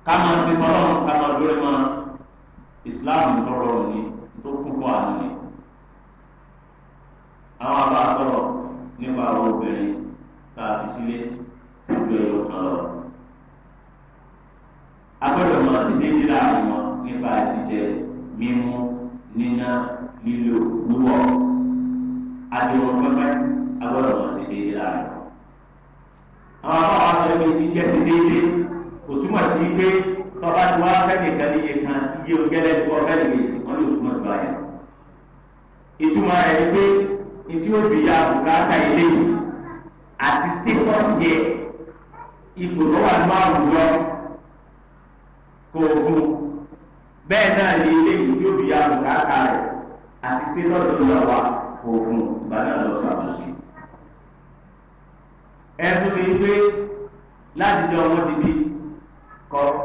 ká máa ṣe ọlọ́run ká máa dúró máa ìsìláàmù tọrọ òní tó kún fún àná ni àwọn àbá sọ̀rọ̀ nípa àwọn obìnrin káàbí sílé gbogbo ẹ̀yọ kan lọ. agbọ́dọ̀ mọ̀ sí déédéé láàrin wọn nípa jíjẹ mímú níná lílo wíwọ̀ àti wọn pẹ́pẹ́ agbọ́dọ̀ mọ̀ sí déédéé láàrin wọn. àwọn àbáwọ̀ aṣọ ẹgbẹ́ ti jẹ́ sí déédéé kò túmọ̀ sí pé tọ́ba tí wọ́n fẹ́ nìkan níye kan iye ògẹ́lẹ́ tí wọ́n fẹ́ nìyẹn wọ́n lè túmọ̀ sí báyìí. ìtumọ̀ rẹ̀ ni pé ìtí ó bìyà bùkátà ilé yìí àti status yẹ ipò tó wà nínú àwùjọ kò fún bẹ́ẹ̀ náà ni eléyìí tí ó bí àbùkátà rẹ̀ àti status tó lọ wà kò fún ìbáná lọ ṣàtúnṣe. ẹ tó ṣe pé láti jọ wọn ti di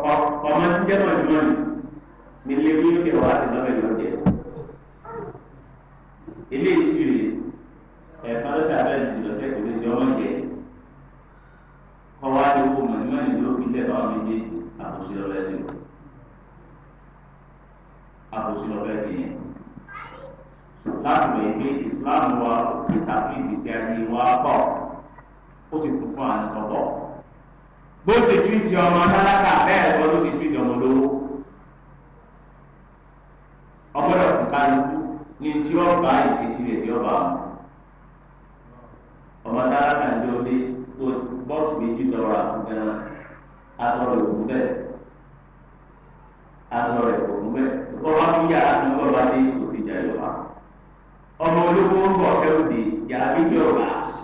ọmọ tí jẹ́ mọ̀júmọ́ni nílé bí ó kẹwàá sí lọ́wọ́ ìlọ́jẹ́ eléyìí sì rè ẹ̀ka lọ́sẹ̀ abẹ́rẹ́ ìdìlọ́sẹ̀ ẹjọ́ mọ̀jẹ̀ kọ́wá ló kó mọ̀ níwọ̀n ìlú òbí lẹ̀ bá mi dé àkóso lọ́bẹ̀ sí o àkóso lọ́bẹ̀ sí yẹn. láti wẹ̀ pé Islam wa tàbí ìgbésí ayé wa pọ̀ ó ti kún fún àwọn ìtọ́pọ̀ bó ti tìrìtì ọmọ tálákà bẹ́ẹ̀ lọ ló ti tìrìtì ọmọ lówó ọgbọ́dọ̀ kún kálukú ní tí ó bá ìṣesí rẹ̀ tí ó bá mú ọmọ tára kan jọ dé tó bọ́ọ̀sì méjì tọrọ àkùnkàn asọ̀rọ̀ òkú bẹ́ẹ̀ asọ̀rọ̀ òkú bẹ́ẹ̀ ọba fi yàrá tó ń bọ̀ bá dé òfin jà yọba ọmọ olówó ń bọ̀ kẹ́rù dé yàrá méjì ọ̀rọ̀ àṣì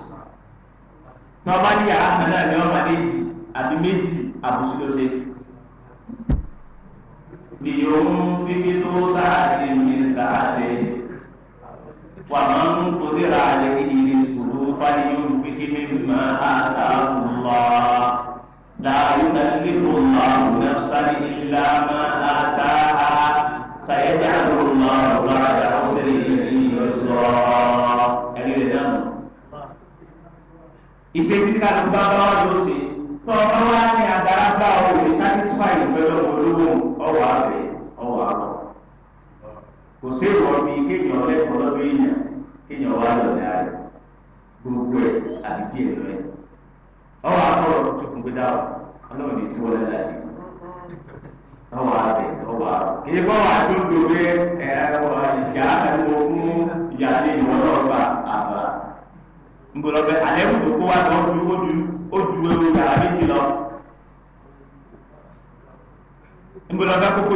tọ́ba ní yàrá kan náà méjì àti méjì àbùsùn ló ṣe liyom fikitu saati min saati wa man kudira alayhi فلينفق مما آتاه الله لا يكلف الله نفسا إلا ما آتاها سيجعل الله بعد عسر يسرا ìṣesí ká ló bá bá wà lóṣè tó ọba wa ní agbára bá o lè satisfy pẹ̀lú olówó ọwọ́ abẹ ọwọ́ abọ kò sí ìwọ bíi kéèyàn lẹ́kọ̀ọ́ lọ́dún èèyàn kéèyàn wá lọ́dún ààrẹ. gbogbo ẹ àbí díẹ̀ lọ ẹ ọwọ́ akọrọ tó fún gbẹdá o ní ìtúwọ lẹla sí ọwọ́ abẹ ọwọ́ arọ kìí bọ wà tó ń dòwe ẹ ọwọ́ ìjà ẹwọ fún ìwọ àbá alẹ kò kó wa lọ ojú ojú ewu yàrá méjì lọ kókó kókó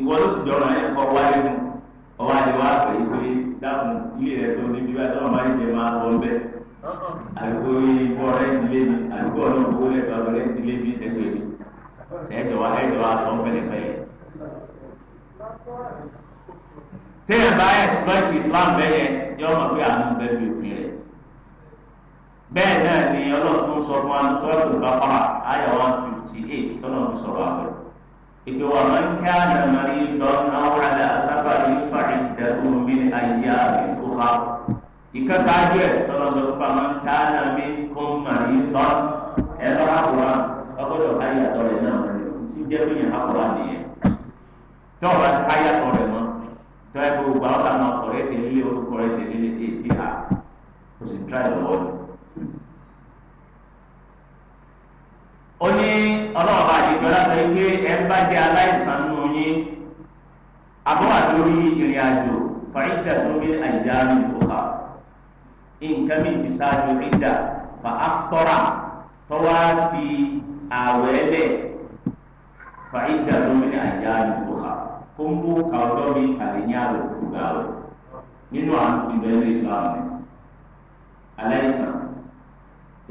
ìwọ ló sì kọ wáyé mu dákun ilé rẹ tó ní bíbá tó wọn bá yìí jẹ máa lọ bẹ àgbo ìbọ rẹ ti lé mi àgbo ọ̀nà òkú lẹ́gbàá rẹ ti lé mi sẹ́gbẹ̀ẹ́ mi ẹ̀jọ̀ wa ẹ̀jọ̀ wa sọ pẹ̀lẹ́pẹ̀lẹ́. téèyàn bá ẹ̀sìpẹ́tì Islam bẹ́yẹ yọ ọmọ pé àánú bẹ́ẹ̀ fi òfin rẹ̀ bẹ́ẹ̀ náà ni ọlọ́run tó ń sọ fún wa ní sọ́ọ̀tù bàbá àyà one fifty eight tọ́nà fi sọ̀rọ̀ àgbẹ̀ ìjọba máa ń kí àdàmàrí dán àwọn àlà sábàrí fàìdàrú mi àyà ìkóha ìkásáájú ẹ tọlọsọ fama tààlà mi kún màrí dán ẹ lọ àkùrá ọgọdọ ayàtọ rẹ náà rẹ tí jẹ fún yẹn àkùrá nìyẹn tí ọba ayàtọ rẹ mọ tí wọn kò gbà ọ kà máa kọrẹ tẹ lílé orúkọ rẹ tẹ lílé tẹ tí a kò sì ó ní ọlọ́ọ̀bá àdìgbò láti gbé ẹ ń bá jẹ́ aláìsàn nù yín àbọ̀wà lórí ìrìn àjò fàyídà tó ní àjálù òkà nǹkan mi ti ṣáájú ìdá fà á tọ́ra tọ́wá fi àwẹ̀ lẹ̀ fàyídà tó ní àjálù kó ń kó ka ọjọ́ mi àríyànjú kúgà rẹ̀ nínú àwọn ìbẹ̀rẹ̀ ìsọ̀rọ̀ aláìsàn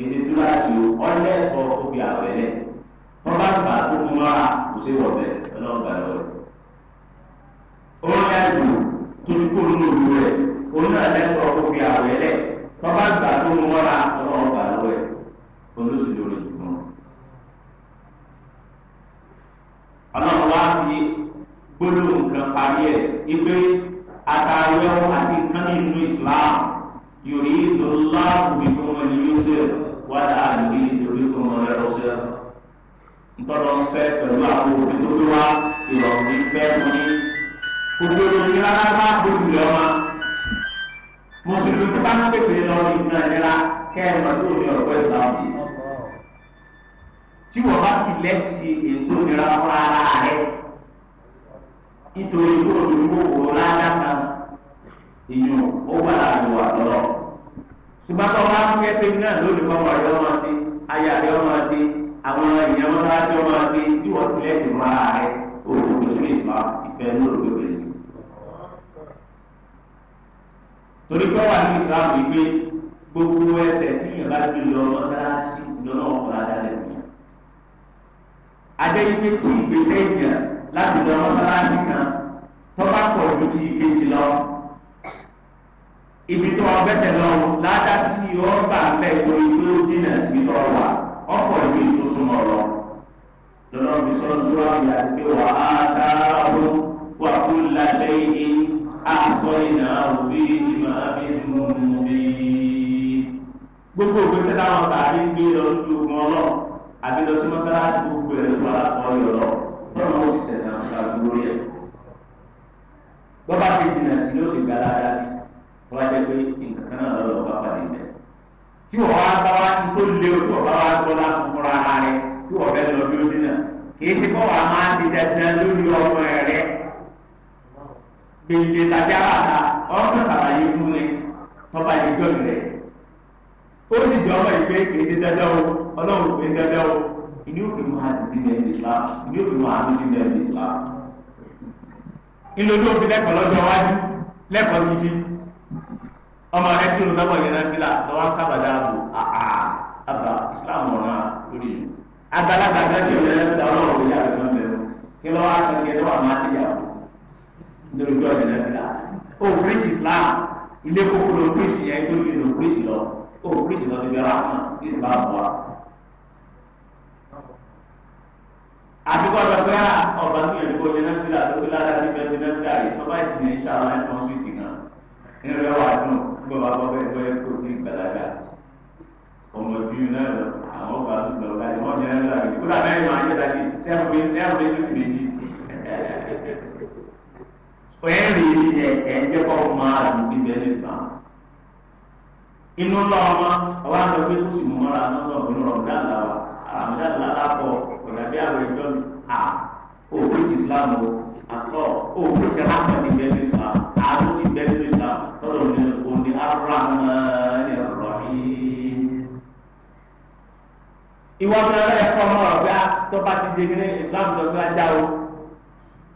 èsì túláàsì o ọlẹ́ ẹ̀tọ́ òbí àbẹ̀lẹ̀ tọ́ba gbà tó mú wa kò sí wọ̀bẹ̀ ọlọ́run gbà lọ́wọ́ orin àjò tó ti kó nínú òru rẹ̀ oní àlẹ́tọ̀ òbí àbẹ̀lẹ̀ tọ́ba gbà tó mú wa ọlọ́run gbà lọ́wọ́ ẹ̀ olóṣù lórí ìgbọ̀n. ọlọ́run wá fi gbólóhùn kan parí ẹ̀ ipe àtàwẹ̀ àti nǹkan nínú Islam yorùbá lọ́wọ́ bí wọ́n ní yóò ṣe wàdà àdùbí ìdòbí kò mọ rẹ ọsẹ ntọ́lọ́ ń fẹ́ pẹ̀lú àwọn òbí tó gbé wá ìrọ̀rùn ní fẹ́ mu ní gbogbo olóyìn rárá bá gbòdì lọ ma mùsùlùmí tó bá ń pèpè lọ ní nàìjíríà kẹ́ẹ̀mọ́ tó ní ọ̀pẹ́ sàbí tí wọ́n bá sì lẹ́tì ètò ìlera fúnra rẹ̀ nítorí kó o lè rárá kan èèyàn ó wà láàrin ṣùgbọ́n tó wá fún kẹ́kẹ́ mi náà lónìí kọ́ wọ́n yọ wọn sí ayé àrẹ wọn sí àwọn èèyàn wọn bá jọ wọn sí tí wọ́n sì lẹ́sìn mọ́ ara rẹ òògùn tó ṣe ìfà ìfẹ́ lóru gbẹgbẹ yìí. torí pé wà ní Islam wípé gbogbo ẹsẹ̀ tí yẹn bá gbé lọ mọ́sálásí lọ́nà ọ̀pọ̀lá dálẹ̀ nìyẹn. adéyíké tí ìgbésẹ̀ yẹn láti lọ mọ́sálásí kan tọ́ bá pọ̀ ju ti ìkejì lọ ibi tó ọ bẹ́sẹ̀ lọ ládàá tí yọ bá bẹ́ẹ̀ kó ibi ó dínà síbi tó ọ wà ọkọ̀ ìlú ìtòsúnmọ́ lọ. lọ́nà mi sọ́nù tó wà ní àti pé wà á dára ó wà kó lálẹ́ yìí àṣọ ìnà òbí ìmọ̀ abẹ́numọ̀mí. gbogbo ògbésẹ̀ táwọn sàárè ń gbé lọ sí ogun ọlọ́ àti lọ sí mọ́sálásí gbogbo ẹ̀ wà ọyọ̀ lọ tọ́lá ó sì sẹ̀sán ṣàdúró yẹ. bọ́bá ti dìnnà sí ló ti gbà dáadáa sí wọ́n á jẹ́ pé nǹkan kan náà lọ́dọ̀ bá padà ibẹ̀. tí wọ́n wá bá wá tó lé o tí wọ́n bá wá gbọ́ láti fúnra ara rẹ tí wọ́n bẹ lọ bí ó dín náà kì í ṣe kọ́ wàá máa ṣe dandan lórí ọmọ rẹ gbèǹde tàbí àbàtà ọ̀rọ̀ sàlàyé fún mi tọ́ba ìjọ rẹ̀ ó sì jọ ọmọ ìgbé kì í ṣe dandan o ọlọ́run pé dandan o ìní òkè muhammed ti bẹ̀rẹ̀ Islam ìní òkè muhammed ti bẹ̀rẹ̀ Islam. ìlòdì òfin lẹ́kọ̀ọ́ lọ́jọ́ iwájú lẹ́kọ̀ọ́ gidi ọmọ rẹ kí ló lọ́wọ́ yẹn náà fílà lọ́wọ́ ń kábàdà àbò àà àbà islam ọ̀nà lórí yìí àgbàlagbà náà ti rẹ lọ́wọ́ òwe àbẹ̀ náà bẹ̀rù kí lọ́wọ́ akẹ́kẹ́ lọ́wọ́ àmọ́ àti ìyàwó nítorí pé ọ̀nà náà fílà ó bíríṣì islam ilé kókó ló bíríṣì yẹn tó yẹ ló bíríṣì lọ ó bíríṣì lọ síbi ara kan ní islam wa. àtikọ́ ọ̀dọ̀ pé ah, ọba tó yẹ kó yẹ náà fílà tó fílà láti bẹ́ẹ̀ náà fílà yìí ọba ìtìyẹn ìṣàlàyé kan sí ìtìyàn ń rẹwà dùn gbọ́dọ̀ àwọn ọmọ ẹgbẹ́ kò tí ì gbàlágà ọmọ ìbíyùn náà lọ àwọn ọba tó lọ láti wọn yẹn lọ àgbẹ̀ kó dàbẹ́ ìmọ̀ ayé dàdí tẹ́wọ̀n bí tẹ́wọ̀n bí lóṣù méjì. pẹ́ẹ́rì ẹ̀ ẹ̀ jẹ́ kọ́ máa dùn sí bẹ́ẹ̀ nípa. inú lọ ọmọ ọba àgbẹ̀ pé kó sì mú mọ́ra lọ́sọ̀ ọ̀gbìn rọ̀mùdá làwà àmúdá làlápọ̀ ọ̀dàbí àwọn ẹjọ́ mi à òkú ti Islam o àtọ̀ òkú ti rámọ̀ ti bẹ́ẹ̀ ní Islam àtúntì bẹ́ẹ̀ ní Islam tọ́lọ̀ nílò الرحمن الرحيم ìwọ bẹ lọ ẹkọ ọmọ ọgbẹ tó bá ti dèmí ní islam tó bá já o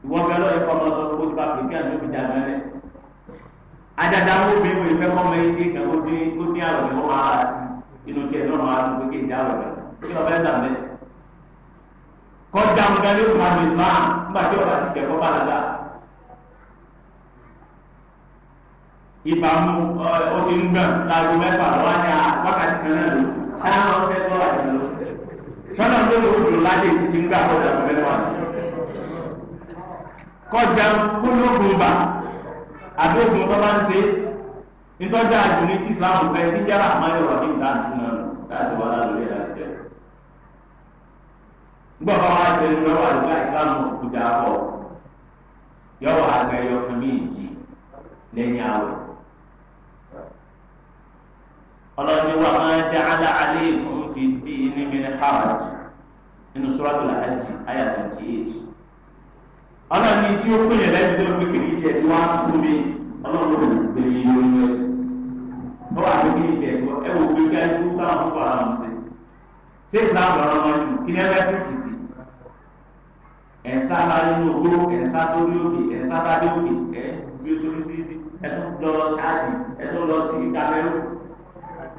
ìwọ bẹ lọ ẹkọ ọmọ sọ fún bá pèké àti òbí já lọ rẹ adada wo bí wo ìfẹ́ kọ ọmọ yìí kéka ó dé ó dé àwọ ìwọ máa wá sí inú tiẹ̀ náà máa tó kéka ìjà àwọ kí ọbẹ ń dàbẹ kọjá nǹkan ló máa lè máa nígbà tí ọba ti jẹ bá lọ ibà mú ó ti ń gbọ̀n láago mẹ́fà lọ́wọ́ ní wákàtí kan náà lò sáà lọ fẹ́ lọ́wọ́ àjọ lọ. sọ́nà ló lò ó dùn ládé ti ti ń gbà kọjá lọ mẹ́fà. kọjá kó lóògùn bà àbí ògùn tó bá ń ṣe nítọ́jú àjò ní tí Islam fẹ́ tí jẹ́rà àmọ́lẹ̀ wà ní ìdáhùn fún wọn láti wà lálórí àjẹ. gbọ́ bá wá jẹ́ lọ́wọ́ àdúrà Islam kò dáa bọ̀ yọ̀wọ̀ àgbẹ̀yọ̀ kan mí ì lẹ́yìn àwẹ̀ ọlọ́ni wa máa ń jẹ́ ala alaykum fi dini min haraj nínú suratul hajj aya seventy eight ọlọ́ni tí ó pè yẹn lẹ́yìn tó ń kékeré jẹ tí wọ́n á sún mi ọlọ́run ló ń gbèrè yín lórí ẹ̀sìn tó wà ní kékeré jẹ tí wọ́n ẹ wò pé kí ayé kú táwọn ń fara mọ́ sí ṣé ìsìlámù lọ́rọ́ wọn jù kí ní ẹgbẹ́ tó kì sí ẹ̀sá láyé ní ogbó ẹ̀sá sórí òkè ẹ̀sá sábẹ́ òkè ẹ̀ bí ó torí sí sí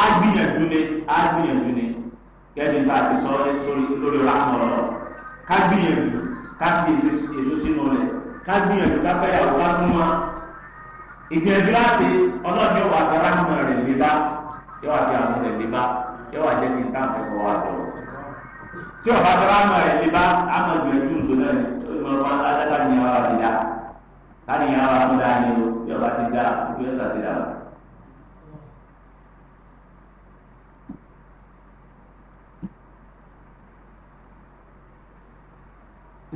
á gbìyànjú ni á gbìyànjú ni gẹ́gẹ́ bá a ti sọ lórí rámọ̀ lọ ká gbìyànjú ká fi èso sínú rẹ̀ ká gbìyànjú ká fẹ́ yàwó ká súnmọ́ ìgbìyànjú láti ọlọ́ọ̀ni ọ̀wà àtàrà nínú rẹ̀ lè bá yọ̀wà àti àwọn rẹ̀ lè bá yọ̀wà jẹ́ kí n tá àfẹ́kọ̀ọ́ wa lọ. tí ọ̀bá àtàrà nínú rẹ̀ lè bá àmọ̀ gbìyànjú nsọ náà ìmọ̀ràn adágbà ní àwọn àbídá ká ní àwọn àbúdá ni yọ̀wà ti dá ìgbésà sí dáa.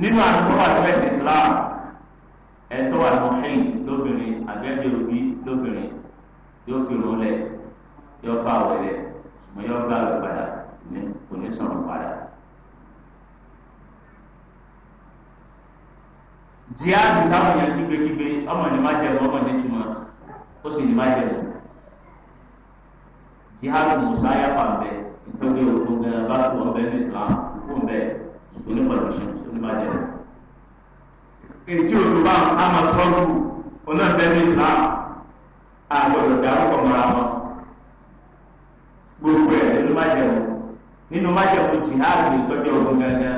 nínú àdúgbò àtúwẹ̀sì Islam ẹ̀tọ́ àtúnṣe lóbìnrin àgbẹ̀dẹ̀rúbí lóbìnrin yóò fi irun lẹ̀ yóò fa àwẹ̀lẹ̀ ṣùgbọ́n yóò gbà wẹ̀ padà kò ní sọ̀rọ̀ padà. jihadi táwọn èèyàn kígbékígbé ọmọ ní má jẹun ọmọ ní túmọ̀ ó sì ní má jẹun jihadi musa yapa ń ìtọ́jú òkú gan bá tó ń ní Islam kó ń bẹ ṣùgbọ́n ní pọ̀lọ́ṣẹ́ tó ní máa jẹ. Ètí òtún bá a máa sọ́ọ̀tù ọ̀nà bẹ́ẹ̀ni ìlà àgbọ̀dọ̀ dárúkọ mọ́ra wọn. Gbogbo ẹ̀ nínú máa jẹ wọn. Nínú máa jẹ wọn jì á lè tọ́jú ọdún gángan.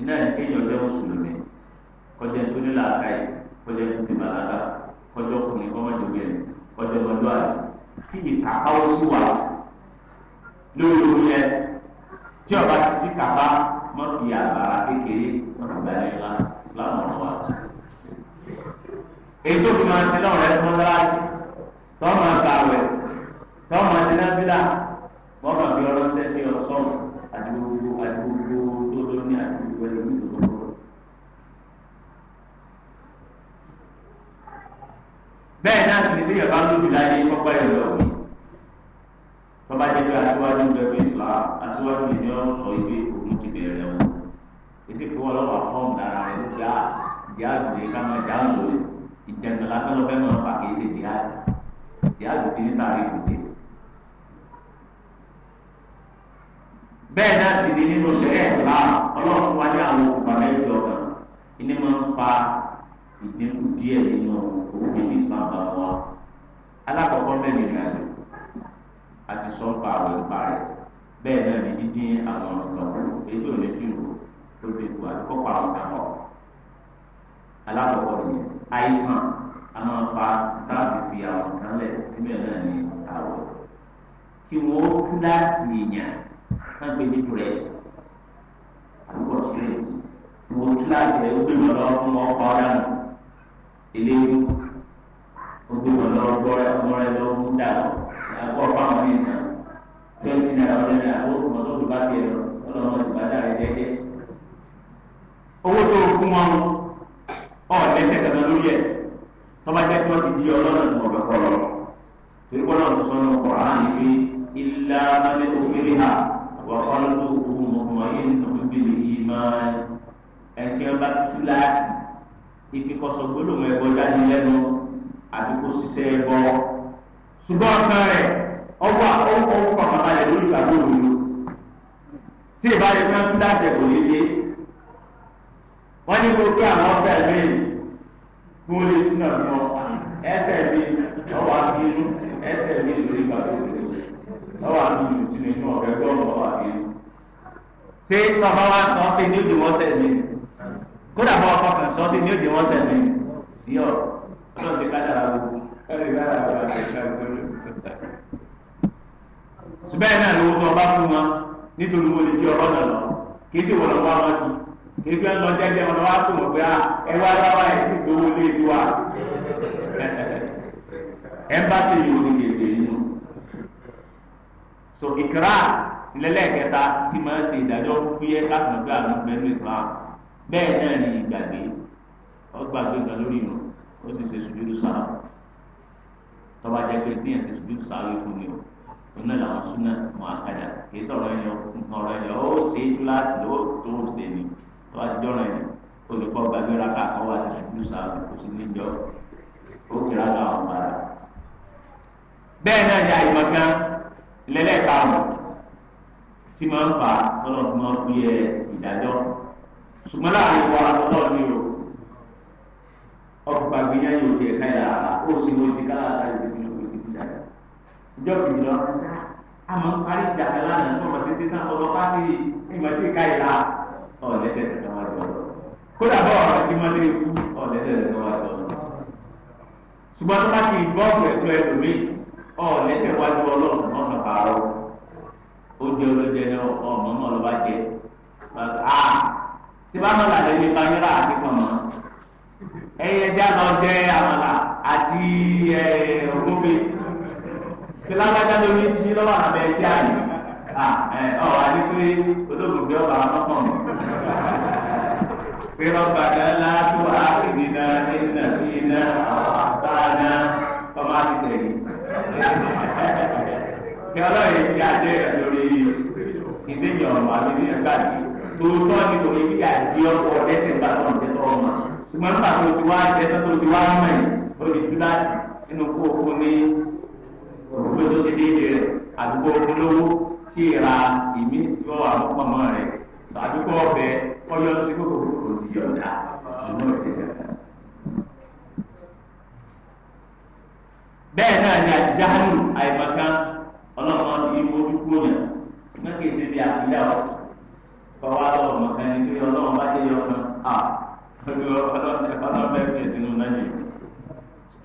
Iná ní kéèyàn jẹ́ mùsùlùmí. Kọjá tó ní làákà yìí, kọjá tó ti bàlágà, kọjá ọkùnrin kọ́mọdébí ẹ̀, kọjá ọmọdé àlè. Kí ni kàkáwó sí wa lórí omi yẹn tí ọba ti sí kàkà mọ́tì àbára kékeré àgbáyé ńlá ìsìlámù ọ̀nà wa. ètò ìfún máa ń ṣe náà rẹ fún mọ́sálásí tọ́mọ àgbàwẹ̀ tọ́mọ sinábílà bọ́ọ̀nà bí ọlọ́sẹ̀ ṣe ọ̀sán àti gbogbo àti gbogbo tó ló ní àti gbogbo ẹni tó tó bẹ́ẹ̀ náà sì ni bí ìyàbá lóbi láyé kọ́kọ́ yẹn lọ́wọ́ tọ́ba jẹ́ pé aṣíwájú bẹ̀rẹ̀ islam aṣíwájú yìí ni wọ́n sọ ibi ogun ti bẹ̀rẹ̀ wọn ètò ìpínwọ́ lọ́wọ́ fọ́ọ̀mù dára rẹ̀ ló gbá ìyáàdù yìí ká máa já lò rẹ̀ lásán ló fẹ́ máa fà kì í ṣe ti ní tàrí ìkùté. bẹ́ẹ̀ náà sì ni nínú ṣẹ̀rẹ̀ islam ọlọ́run wá ní àwọn òkùnfà mẹ́rin ọ̀gá ilé máa ń fa ìdínkù díẹ̀ nínú òfin islam bá wa alákọ̀ọ́kọ́ mẹ́rin ìrìn àjò àti sọ́ńpà àwọn ipa rẹ̀ bẹ́ẹ̀ náà ní dídín àwọn ọ̀gàn kù ètò ìlẹ́jìnrò tó fi kù àdúgbò àwọn àmọ́ alákọ̀ọ́kọ́ nìyẹn àìsàn a máa fa táàbì fi àwọn kan lẹ̀ níbẹ̀ náà ní àwọ̀ kí wọ́n fúláàsì èèyàn kán gbé ní dùrẹ́sì àdúgbò straight wọ́n fúláàsì ẹ̀ ó gbé lọ fún ọkọ̀ ọ̀dàmù eléyìí ó gbé lọ gbọ́ ẹ̀ ọmọ rẹ̀ lọ́wọ́ ń dà ẹ̀kọ́ ọ̀pá àwọn èèyàn tí ó ti ní àwọn ọ̀dẹ́ni àbókù mọ́tò tó bá tiẹ̀ lọ ọlọ́run sì bá dára jẹ́jẹ́. owó tó o fún wọn ọ̀ lẹ́sẹ̀ kan lórí ẹ̀ tọ́ba jẹ́ kí wọ́n ti di ọlọ́run ní ọ̀bẹ kọ́ lọ. torí wọ́n náà sọ ní ọkọ̀ àárín pé ilá mẹ́lẹ́ òfin ha wà kọ́lọ́ tó kú mọ̀kùnmọ́ ẹ̀ tí wọ́n ṣùgbọ́n ọ̀sán rẹ̀ ọwọ́ ọkọ̀ ọkọ̀ bàbá rẹ̀ lórí ìgbàgbọ́ òdodo tí ìbá rẹ̀ fẹ́ ń dáṣẹ̀ kò lè dé wọ́n ní kó kí àwọn ọ̀sẹ̀ mi kó lè sínú ọ̀nà ẹsẹ̀ mi ọwọ́ àbínú ẹsẹ̀ mi lórí ìgbàgbọ́ òdodo ọwọ́ àbínú sínú inú ọ̀rẹ́ gbọ́dọ̀ ọwọ́ àbínú. ṣé bàbá wa sọ ṣe ní òdì wọ́n sẹ̀ mi kódà bá ọkọ̀ kan sọ ṣe ní òdì wọ́n sẹ̀ mi sí ọ̀ síbẹ̀ náà lówó tó ọba fún wọn nítorí wọn lè jẹ ọ̀rọ̀ náà lọ kì í sì wọ́n lọ wá wọn kì í fi ń lọ jẹ́jẹ́ wọn lọ wá tó wọn pé ah, ẹ wá lọ́wọ́ ẹ sì gbowó lé tiwa ẹ bá ṣe yòó ní gègé yìí so ìkra lẹ́lẹ́kẹta tí máa ń ṣe ìdájọ́ fúyẹ́ láti mọ̀ pé àrùn bẹ́ẹ̀ Islam bẹ́ẹ̀ náà ni ìgbàgbé ọgbàgbé ìgbà lórí ó sì ṣe sùjúdù sáà tọ́ba jẹ́ pé tíyẹn ti sùdú sáré fún mi o òun náà làwọn súnà mọ àkàdà kì í sọ̀rọ̀ ẹ̀yọ nǹkan ọ̀rọ̀ ó ṣe kíláàsì lọ́wọ́ tó ń ṣe ni tọ́ba ti jọ́ràn ẹ̀yọ olùkọ́ gbàgbéra káàkọ́ wá sí sùdú sáré kò sí níjọ́ ó kíra láwọn ọmọ rẹ̀. bẹ́ẹ̀ náà ni àyùmọ̀ kan lẹ́lẹ́kàrún tí máa ń fa lọ́nà tí wọ́n fi ẹ ìdájọ́ ṣùgbọ́n láàrin wa lọ́wọ́ ni o ọkùnrin gbàgbé yẹn yóò ti ẹ̀ka ìlà ó sì wọ́n ti ká ìjọ kìí lọ a máa ń parí ìjà kan lánàá nípa ọmọ ṣíṣe náà ọlọpá sí ìmọ̀ tí ká ìlà ọ̀lẹ́sẹ̀ tẹ̀lé wá jọ kódà bọ́ ọ̀rọ̀ tí wọ́n lé ikú ọ̀lẹ́sẹ̀ tẹ̀lé wá jọ ṣùgbọ́n tó bá ti bọ́ọ̀bù ẹ̀tọ́ ẹlòmí ọ̀lẹ́sẹ̀ wájú ọlọ́run náà sọ̀kà rọ ó jẹ́ olójẹ náà ọ̀mọ́ náà ló bá jẹ tí bá mọ̀ làlẹ́ nípa yẹ́rà àti kílágbájá lórí ti yín lọ́wọ́ àbẹ ẹṣẹ́ àyè ọ àti pé olóògbé ọba ọlọ́pàá mi. pé ọba dáná tó àkìdí náà nínú sí iná àbáná ọmọ àti sẹ́yìn. kí ọlọ́run ti àjẹ lórí ìdíyàn ọmọ àti ìdíyàn gbàgbé tòótọ́ ni lórí bí àjẹ ọkọ̀ ọ̀dẹ́sẹ̀ gbàgbọ́ ọ̀dẹ́ tó ọmọ. ṣùgbọ́n nígbà tó ti wá jẹ́ tó ti wá mọ̀ ẹ́ lórí túláàsì nínú kó o fún ní òkú tó ṣe déédéé rẹ̀ àdúgbò olówó sí ìra ìmí tí wọ́n wà lọ́pọ̀ mọ́ rẹ̀ àdúgbò ọ̀fẹ́ ọyọ́ sí kókò kò ti yọ̀ǹda ìmọ̀ ìṣẹ̀lẹ̀. bẹ́ẹ̀ náà ni àjáhùn àìmọ̀kan ọlọ́mọ ìmọ̀ ojúkúrò yẹn mẹ́kì ṣe bí àfíyà ọ̀ kọ́wá lọ́wọ́ mọ̀kan ni pé ọlọ́run bá dé yọ ọ̀kan à ọlọ́run ẹ̀fọ́ náà bẹ́ẹ̀ fi ẹ̀sìn nù náà yìí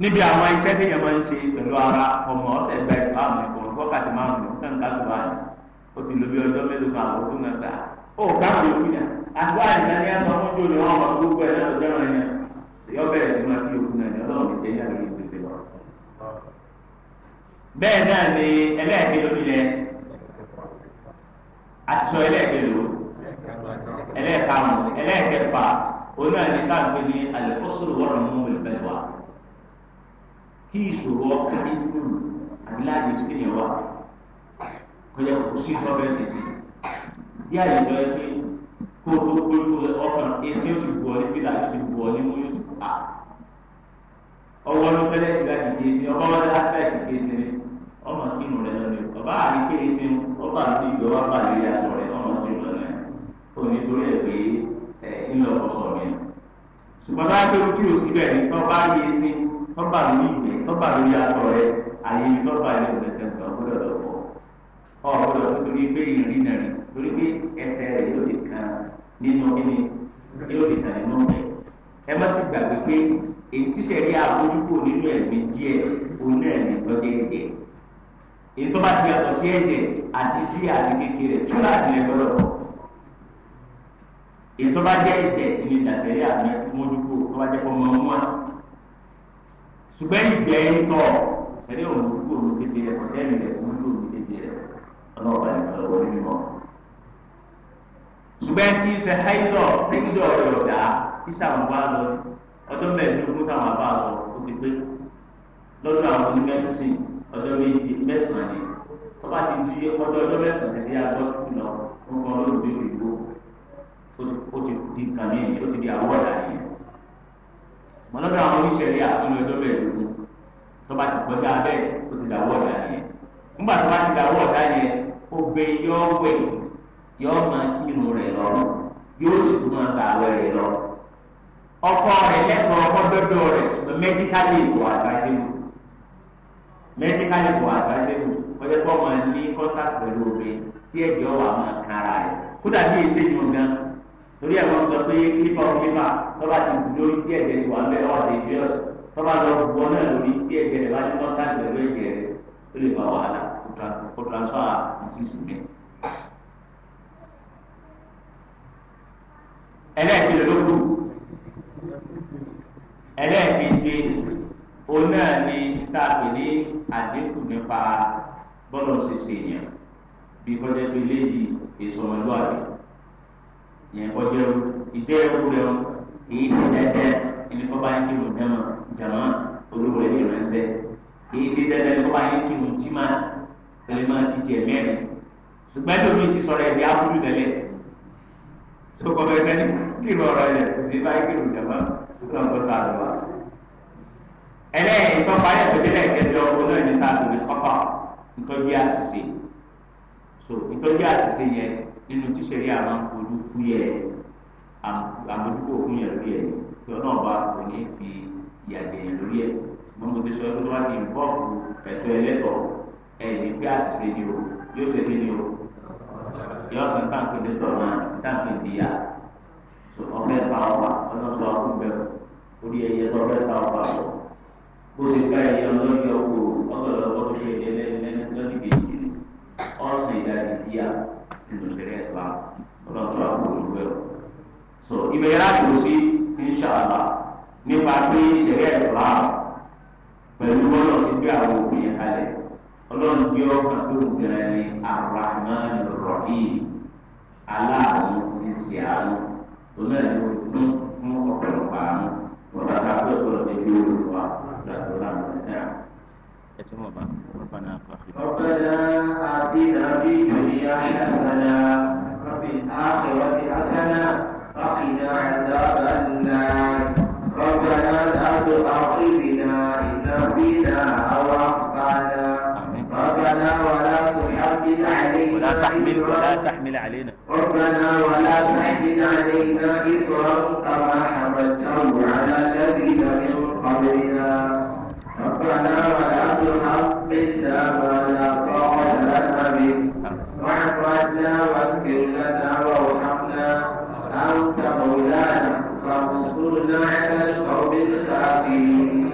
níbi àwọn iṣẹ́ tí yẹn máa ń ṣe pẹ̀lú ara ọmọ ọ̀sẹ̀ gba ìsìláàmù ẹ̀kọ́ wákàtí márùn ún nǹkan kan tó bá yẹn ó ti lo bí ọjọ́ mélòó kan àwọn ọdún mẹ́ta ó káàpì òkú yẹn àgbà ìgbà ni ẹ̀sán fún jòlè wọn ọmọ gbogbo ẹ̀ náà lọ́jọ́ rẹ̀ yẹn èyọ́ bẹ̀rẹ̀ sí máa fi òkú náà yẹn ọlọ́run ìjẹ́ yàrá yìí pèsè lọ. bẹ́ẹ̀ náà ni ẹlẹ́ẹ̀kẹ́lò ilẹ̀ aṣọ kí ìṣòro ọkàn nínú àbí láti ìṣòro yẹn wà kọjá kò sí ìṣọ́bẹ̀ ṣèṣe bí àyẹ̀dọ́ ẹ pé kó o tó gbóló ọkàn èsì ó ti bu ọ ní fìlà ó ti bu ọ ní mú yóò ti pa ọwọ́ ló fẹ́lẹ́ ti láti dé sí ọmọ wọn láti láti dé sí ni ọmọ inú rẹ lọ ni ọba àríkè sí ọba àti ìgbẹ́ wa bá lè aṣọ rẹ ọmọ tó lọ náà ó ní torí ẹ pé ẹ ńlọ ọ̀sọ̀ mi ṣùgbọ́n bá tó ojú òsì bẹ́ẹ̀ ni ọba àríkè sí ni tọ́ba lórí ìgbẹ́ tọ́ba lórí atọ́ rẹ àyè tọ́ba ilé ìgbẹ́sẹ̀ nǹkan gbọ́dọ̀ lọ bọ̀ ọ gbọ́dọ̀ nítorí pé ìrìn náà rí torí pé ẹsẹ̀ rẹ̀ yóò ti kan nínú kíni yóò ti kan nínú ọ̀gbẹ́ ẹ má sì gbàgbé pé èyí tíṣẹ̀ rí abójúkò nínú ẹ̀mí díẹ̀ òun náà ní lọ́dẹ ẹ̀jẹ̀ èyí tọ́ba ti yàtọ̀ sí ẹ̀jẹ̀ àti bí àti kékeré túlá àtìlẹ́ gbọ́dọ̀ ṣùgbọ́n ìgbẹ́ yín tọ̀ ẹni òun kúkú òun kéde rẹ̀ kọ̀ṣẹ́ mi rẹ̀ òun lòun kéde rẹ̀ ọlọ́ọ̀bá ní ọlọ́wọ́ nínú ọ̀. ṣùgbọ́n tí ṣe háìdọ̀ tẹ́kídọ̀ rẹ̀ ọ̀dà tí sàmùwá lọ ọdún mẹ́ẹ̀ẹ́dógún táwọn bá sọ ó ti pé lọ́dọ̀ àwọn onímẹ́sìn ọjọ́ méje mẹ́sàn-án ni tó bá ti di ọjọ́ ọjọ́ mẹ́sàn-án ti di agbọ́ kùnà ó ń wọn lọ́dọ̀ àwọn oníṣẹ̀rí àtúnú ẹjọ́ mẹ́ẹ̀ẹ́dógún tó bá ti kọjá bẹ́ẹ̀ ó ti dàwọ́ ọ̀dà yẹn nígbà tó bá ti dàwọ́ ọ̀dà yẹn ó gbé yọ́ wẹ̀ máa kírun lọ. ọkọ rẹ̀ lẹ́tọ̀ọ́ ọkọ dọ́dọ̀ rẹ̀ àgbáṣe mu àgbáṣe mu máa ní tí wà torí ẹ̀ wọ́n sọ pé nípa òkèèfà tọ́ba ti bù lórí tí ẹ̀jẹ̀ ti wà bẹ́ẹ̀ ọ̀dẹ̀ ìjọyọ̀s tọ́ba lọ bù ọ náà lórí tí ẹ̀jẹ̀ rẹ̀ bá ní kọ́ńtàkì pẹ̀lú ẹ̀jẹ̀ rẹ̀ ó lè fa wàhálà kó transfer disease mi. ẹlẹ́ẹ̀kejì ló kù ẹlẹ́ẹ̀kejì òun náà ni tá a pè ní àdínkù nípa bọ́lọ̀ ṣe ṣèyàn bí kọ́jẹ́ pé léyìí èso yẹn kọjá o ìjọ ẹrú rẹ o kìí ṣe dandan ẹni tó bá ń kí wọn jẹun jàmá olúwo ẹni ránṣẹ́ kìí ṣe dandan ẹni tó bá ń kí wọn jí máa pẹ̀lú máa kí tiẹ̀ mẹ́rin ṣùgbọ́n ẹjọ́ mi ti sọ̀rọ̀ ẹ̀dí áfúrú tẹ́lẹ̀ sọkọ bẹ́ẹ̀ bẹ́ẹ̀ kí ló ọ̀rọ̀ ẹ̀ ṣe bá kí wọn jàmá ló ń kọ́ sáà lọ́wọ́ ẹlẹ́yìn tó parí ẹ̀sọ́dẹ́lẹ̀ kẹjọ olóyìn ta àtòlè kọ́kọ́ ntọ́jú àṣìṣe so ntọ́jú àṣìṣe yẹn nínú tíṣẹ̀rí àwọn akọ̀lù fúyẹ̀ àmójútó fún yẹn lórí ẹ̀ tí ọ̀nà ọba kò ní fi ìyàgbẹ́ yẹn lórí ẹ̀ ṣùgbọ́n mo ti sọ pé wọ́n ti ń bọ̀ ẹ̀tọ́ ẹlẹ́tọ̀ ẹ̀ ní pé àṣìṣe ni o yóò ṣe kí ni o yóò sọ táǹkì ní tọ̀nà táǹkì ìdíyà ọ̀fẹ́ ta ọba ọlọ́sọ akúbẹ̀ orí ẹyẹ tọ́fẹ́ ta ọba sọ bó ti ká ẹyẹ ọlọ́yọ̀ kó ọlọ́lọ́ nínú islam ọlọ́sọ àpò so ibẹ̀ yẹn láti wò sí inṣàlá nípa pé islam pẹ̀lú ọlọ́run ti gbé àwọn òfin yẹn kalẹ̀ ọlọ́run gbé ọkàn tó ń gbẹrẹ ní arahman rahim aláàánú ti ṣe àánú onáà ló fún ثم ربنا ربنا آتنا في الدنيا حسنة وفي الآخرة حسنة وقنا عذاب النار ربنا لا تؤاخذنا إن نسينا أو أخطأنا ربنا ولا تحمل علينا ولا تحمل ولا تحمل علينا ربنا ولا تحمل علينا إصرا كما حملته على الذين من قبلنا ربنا ولا تحملنا ما لا طاقة لنا به واعف عنا واغفر لنا وارحمنا أنت مولانا فانصرنا على القوم الكافرين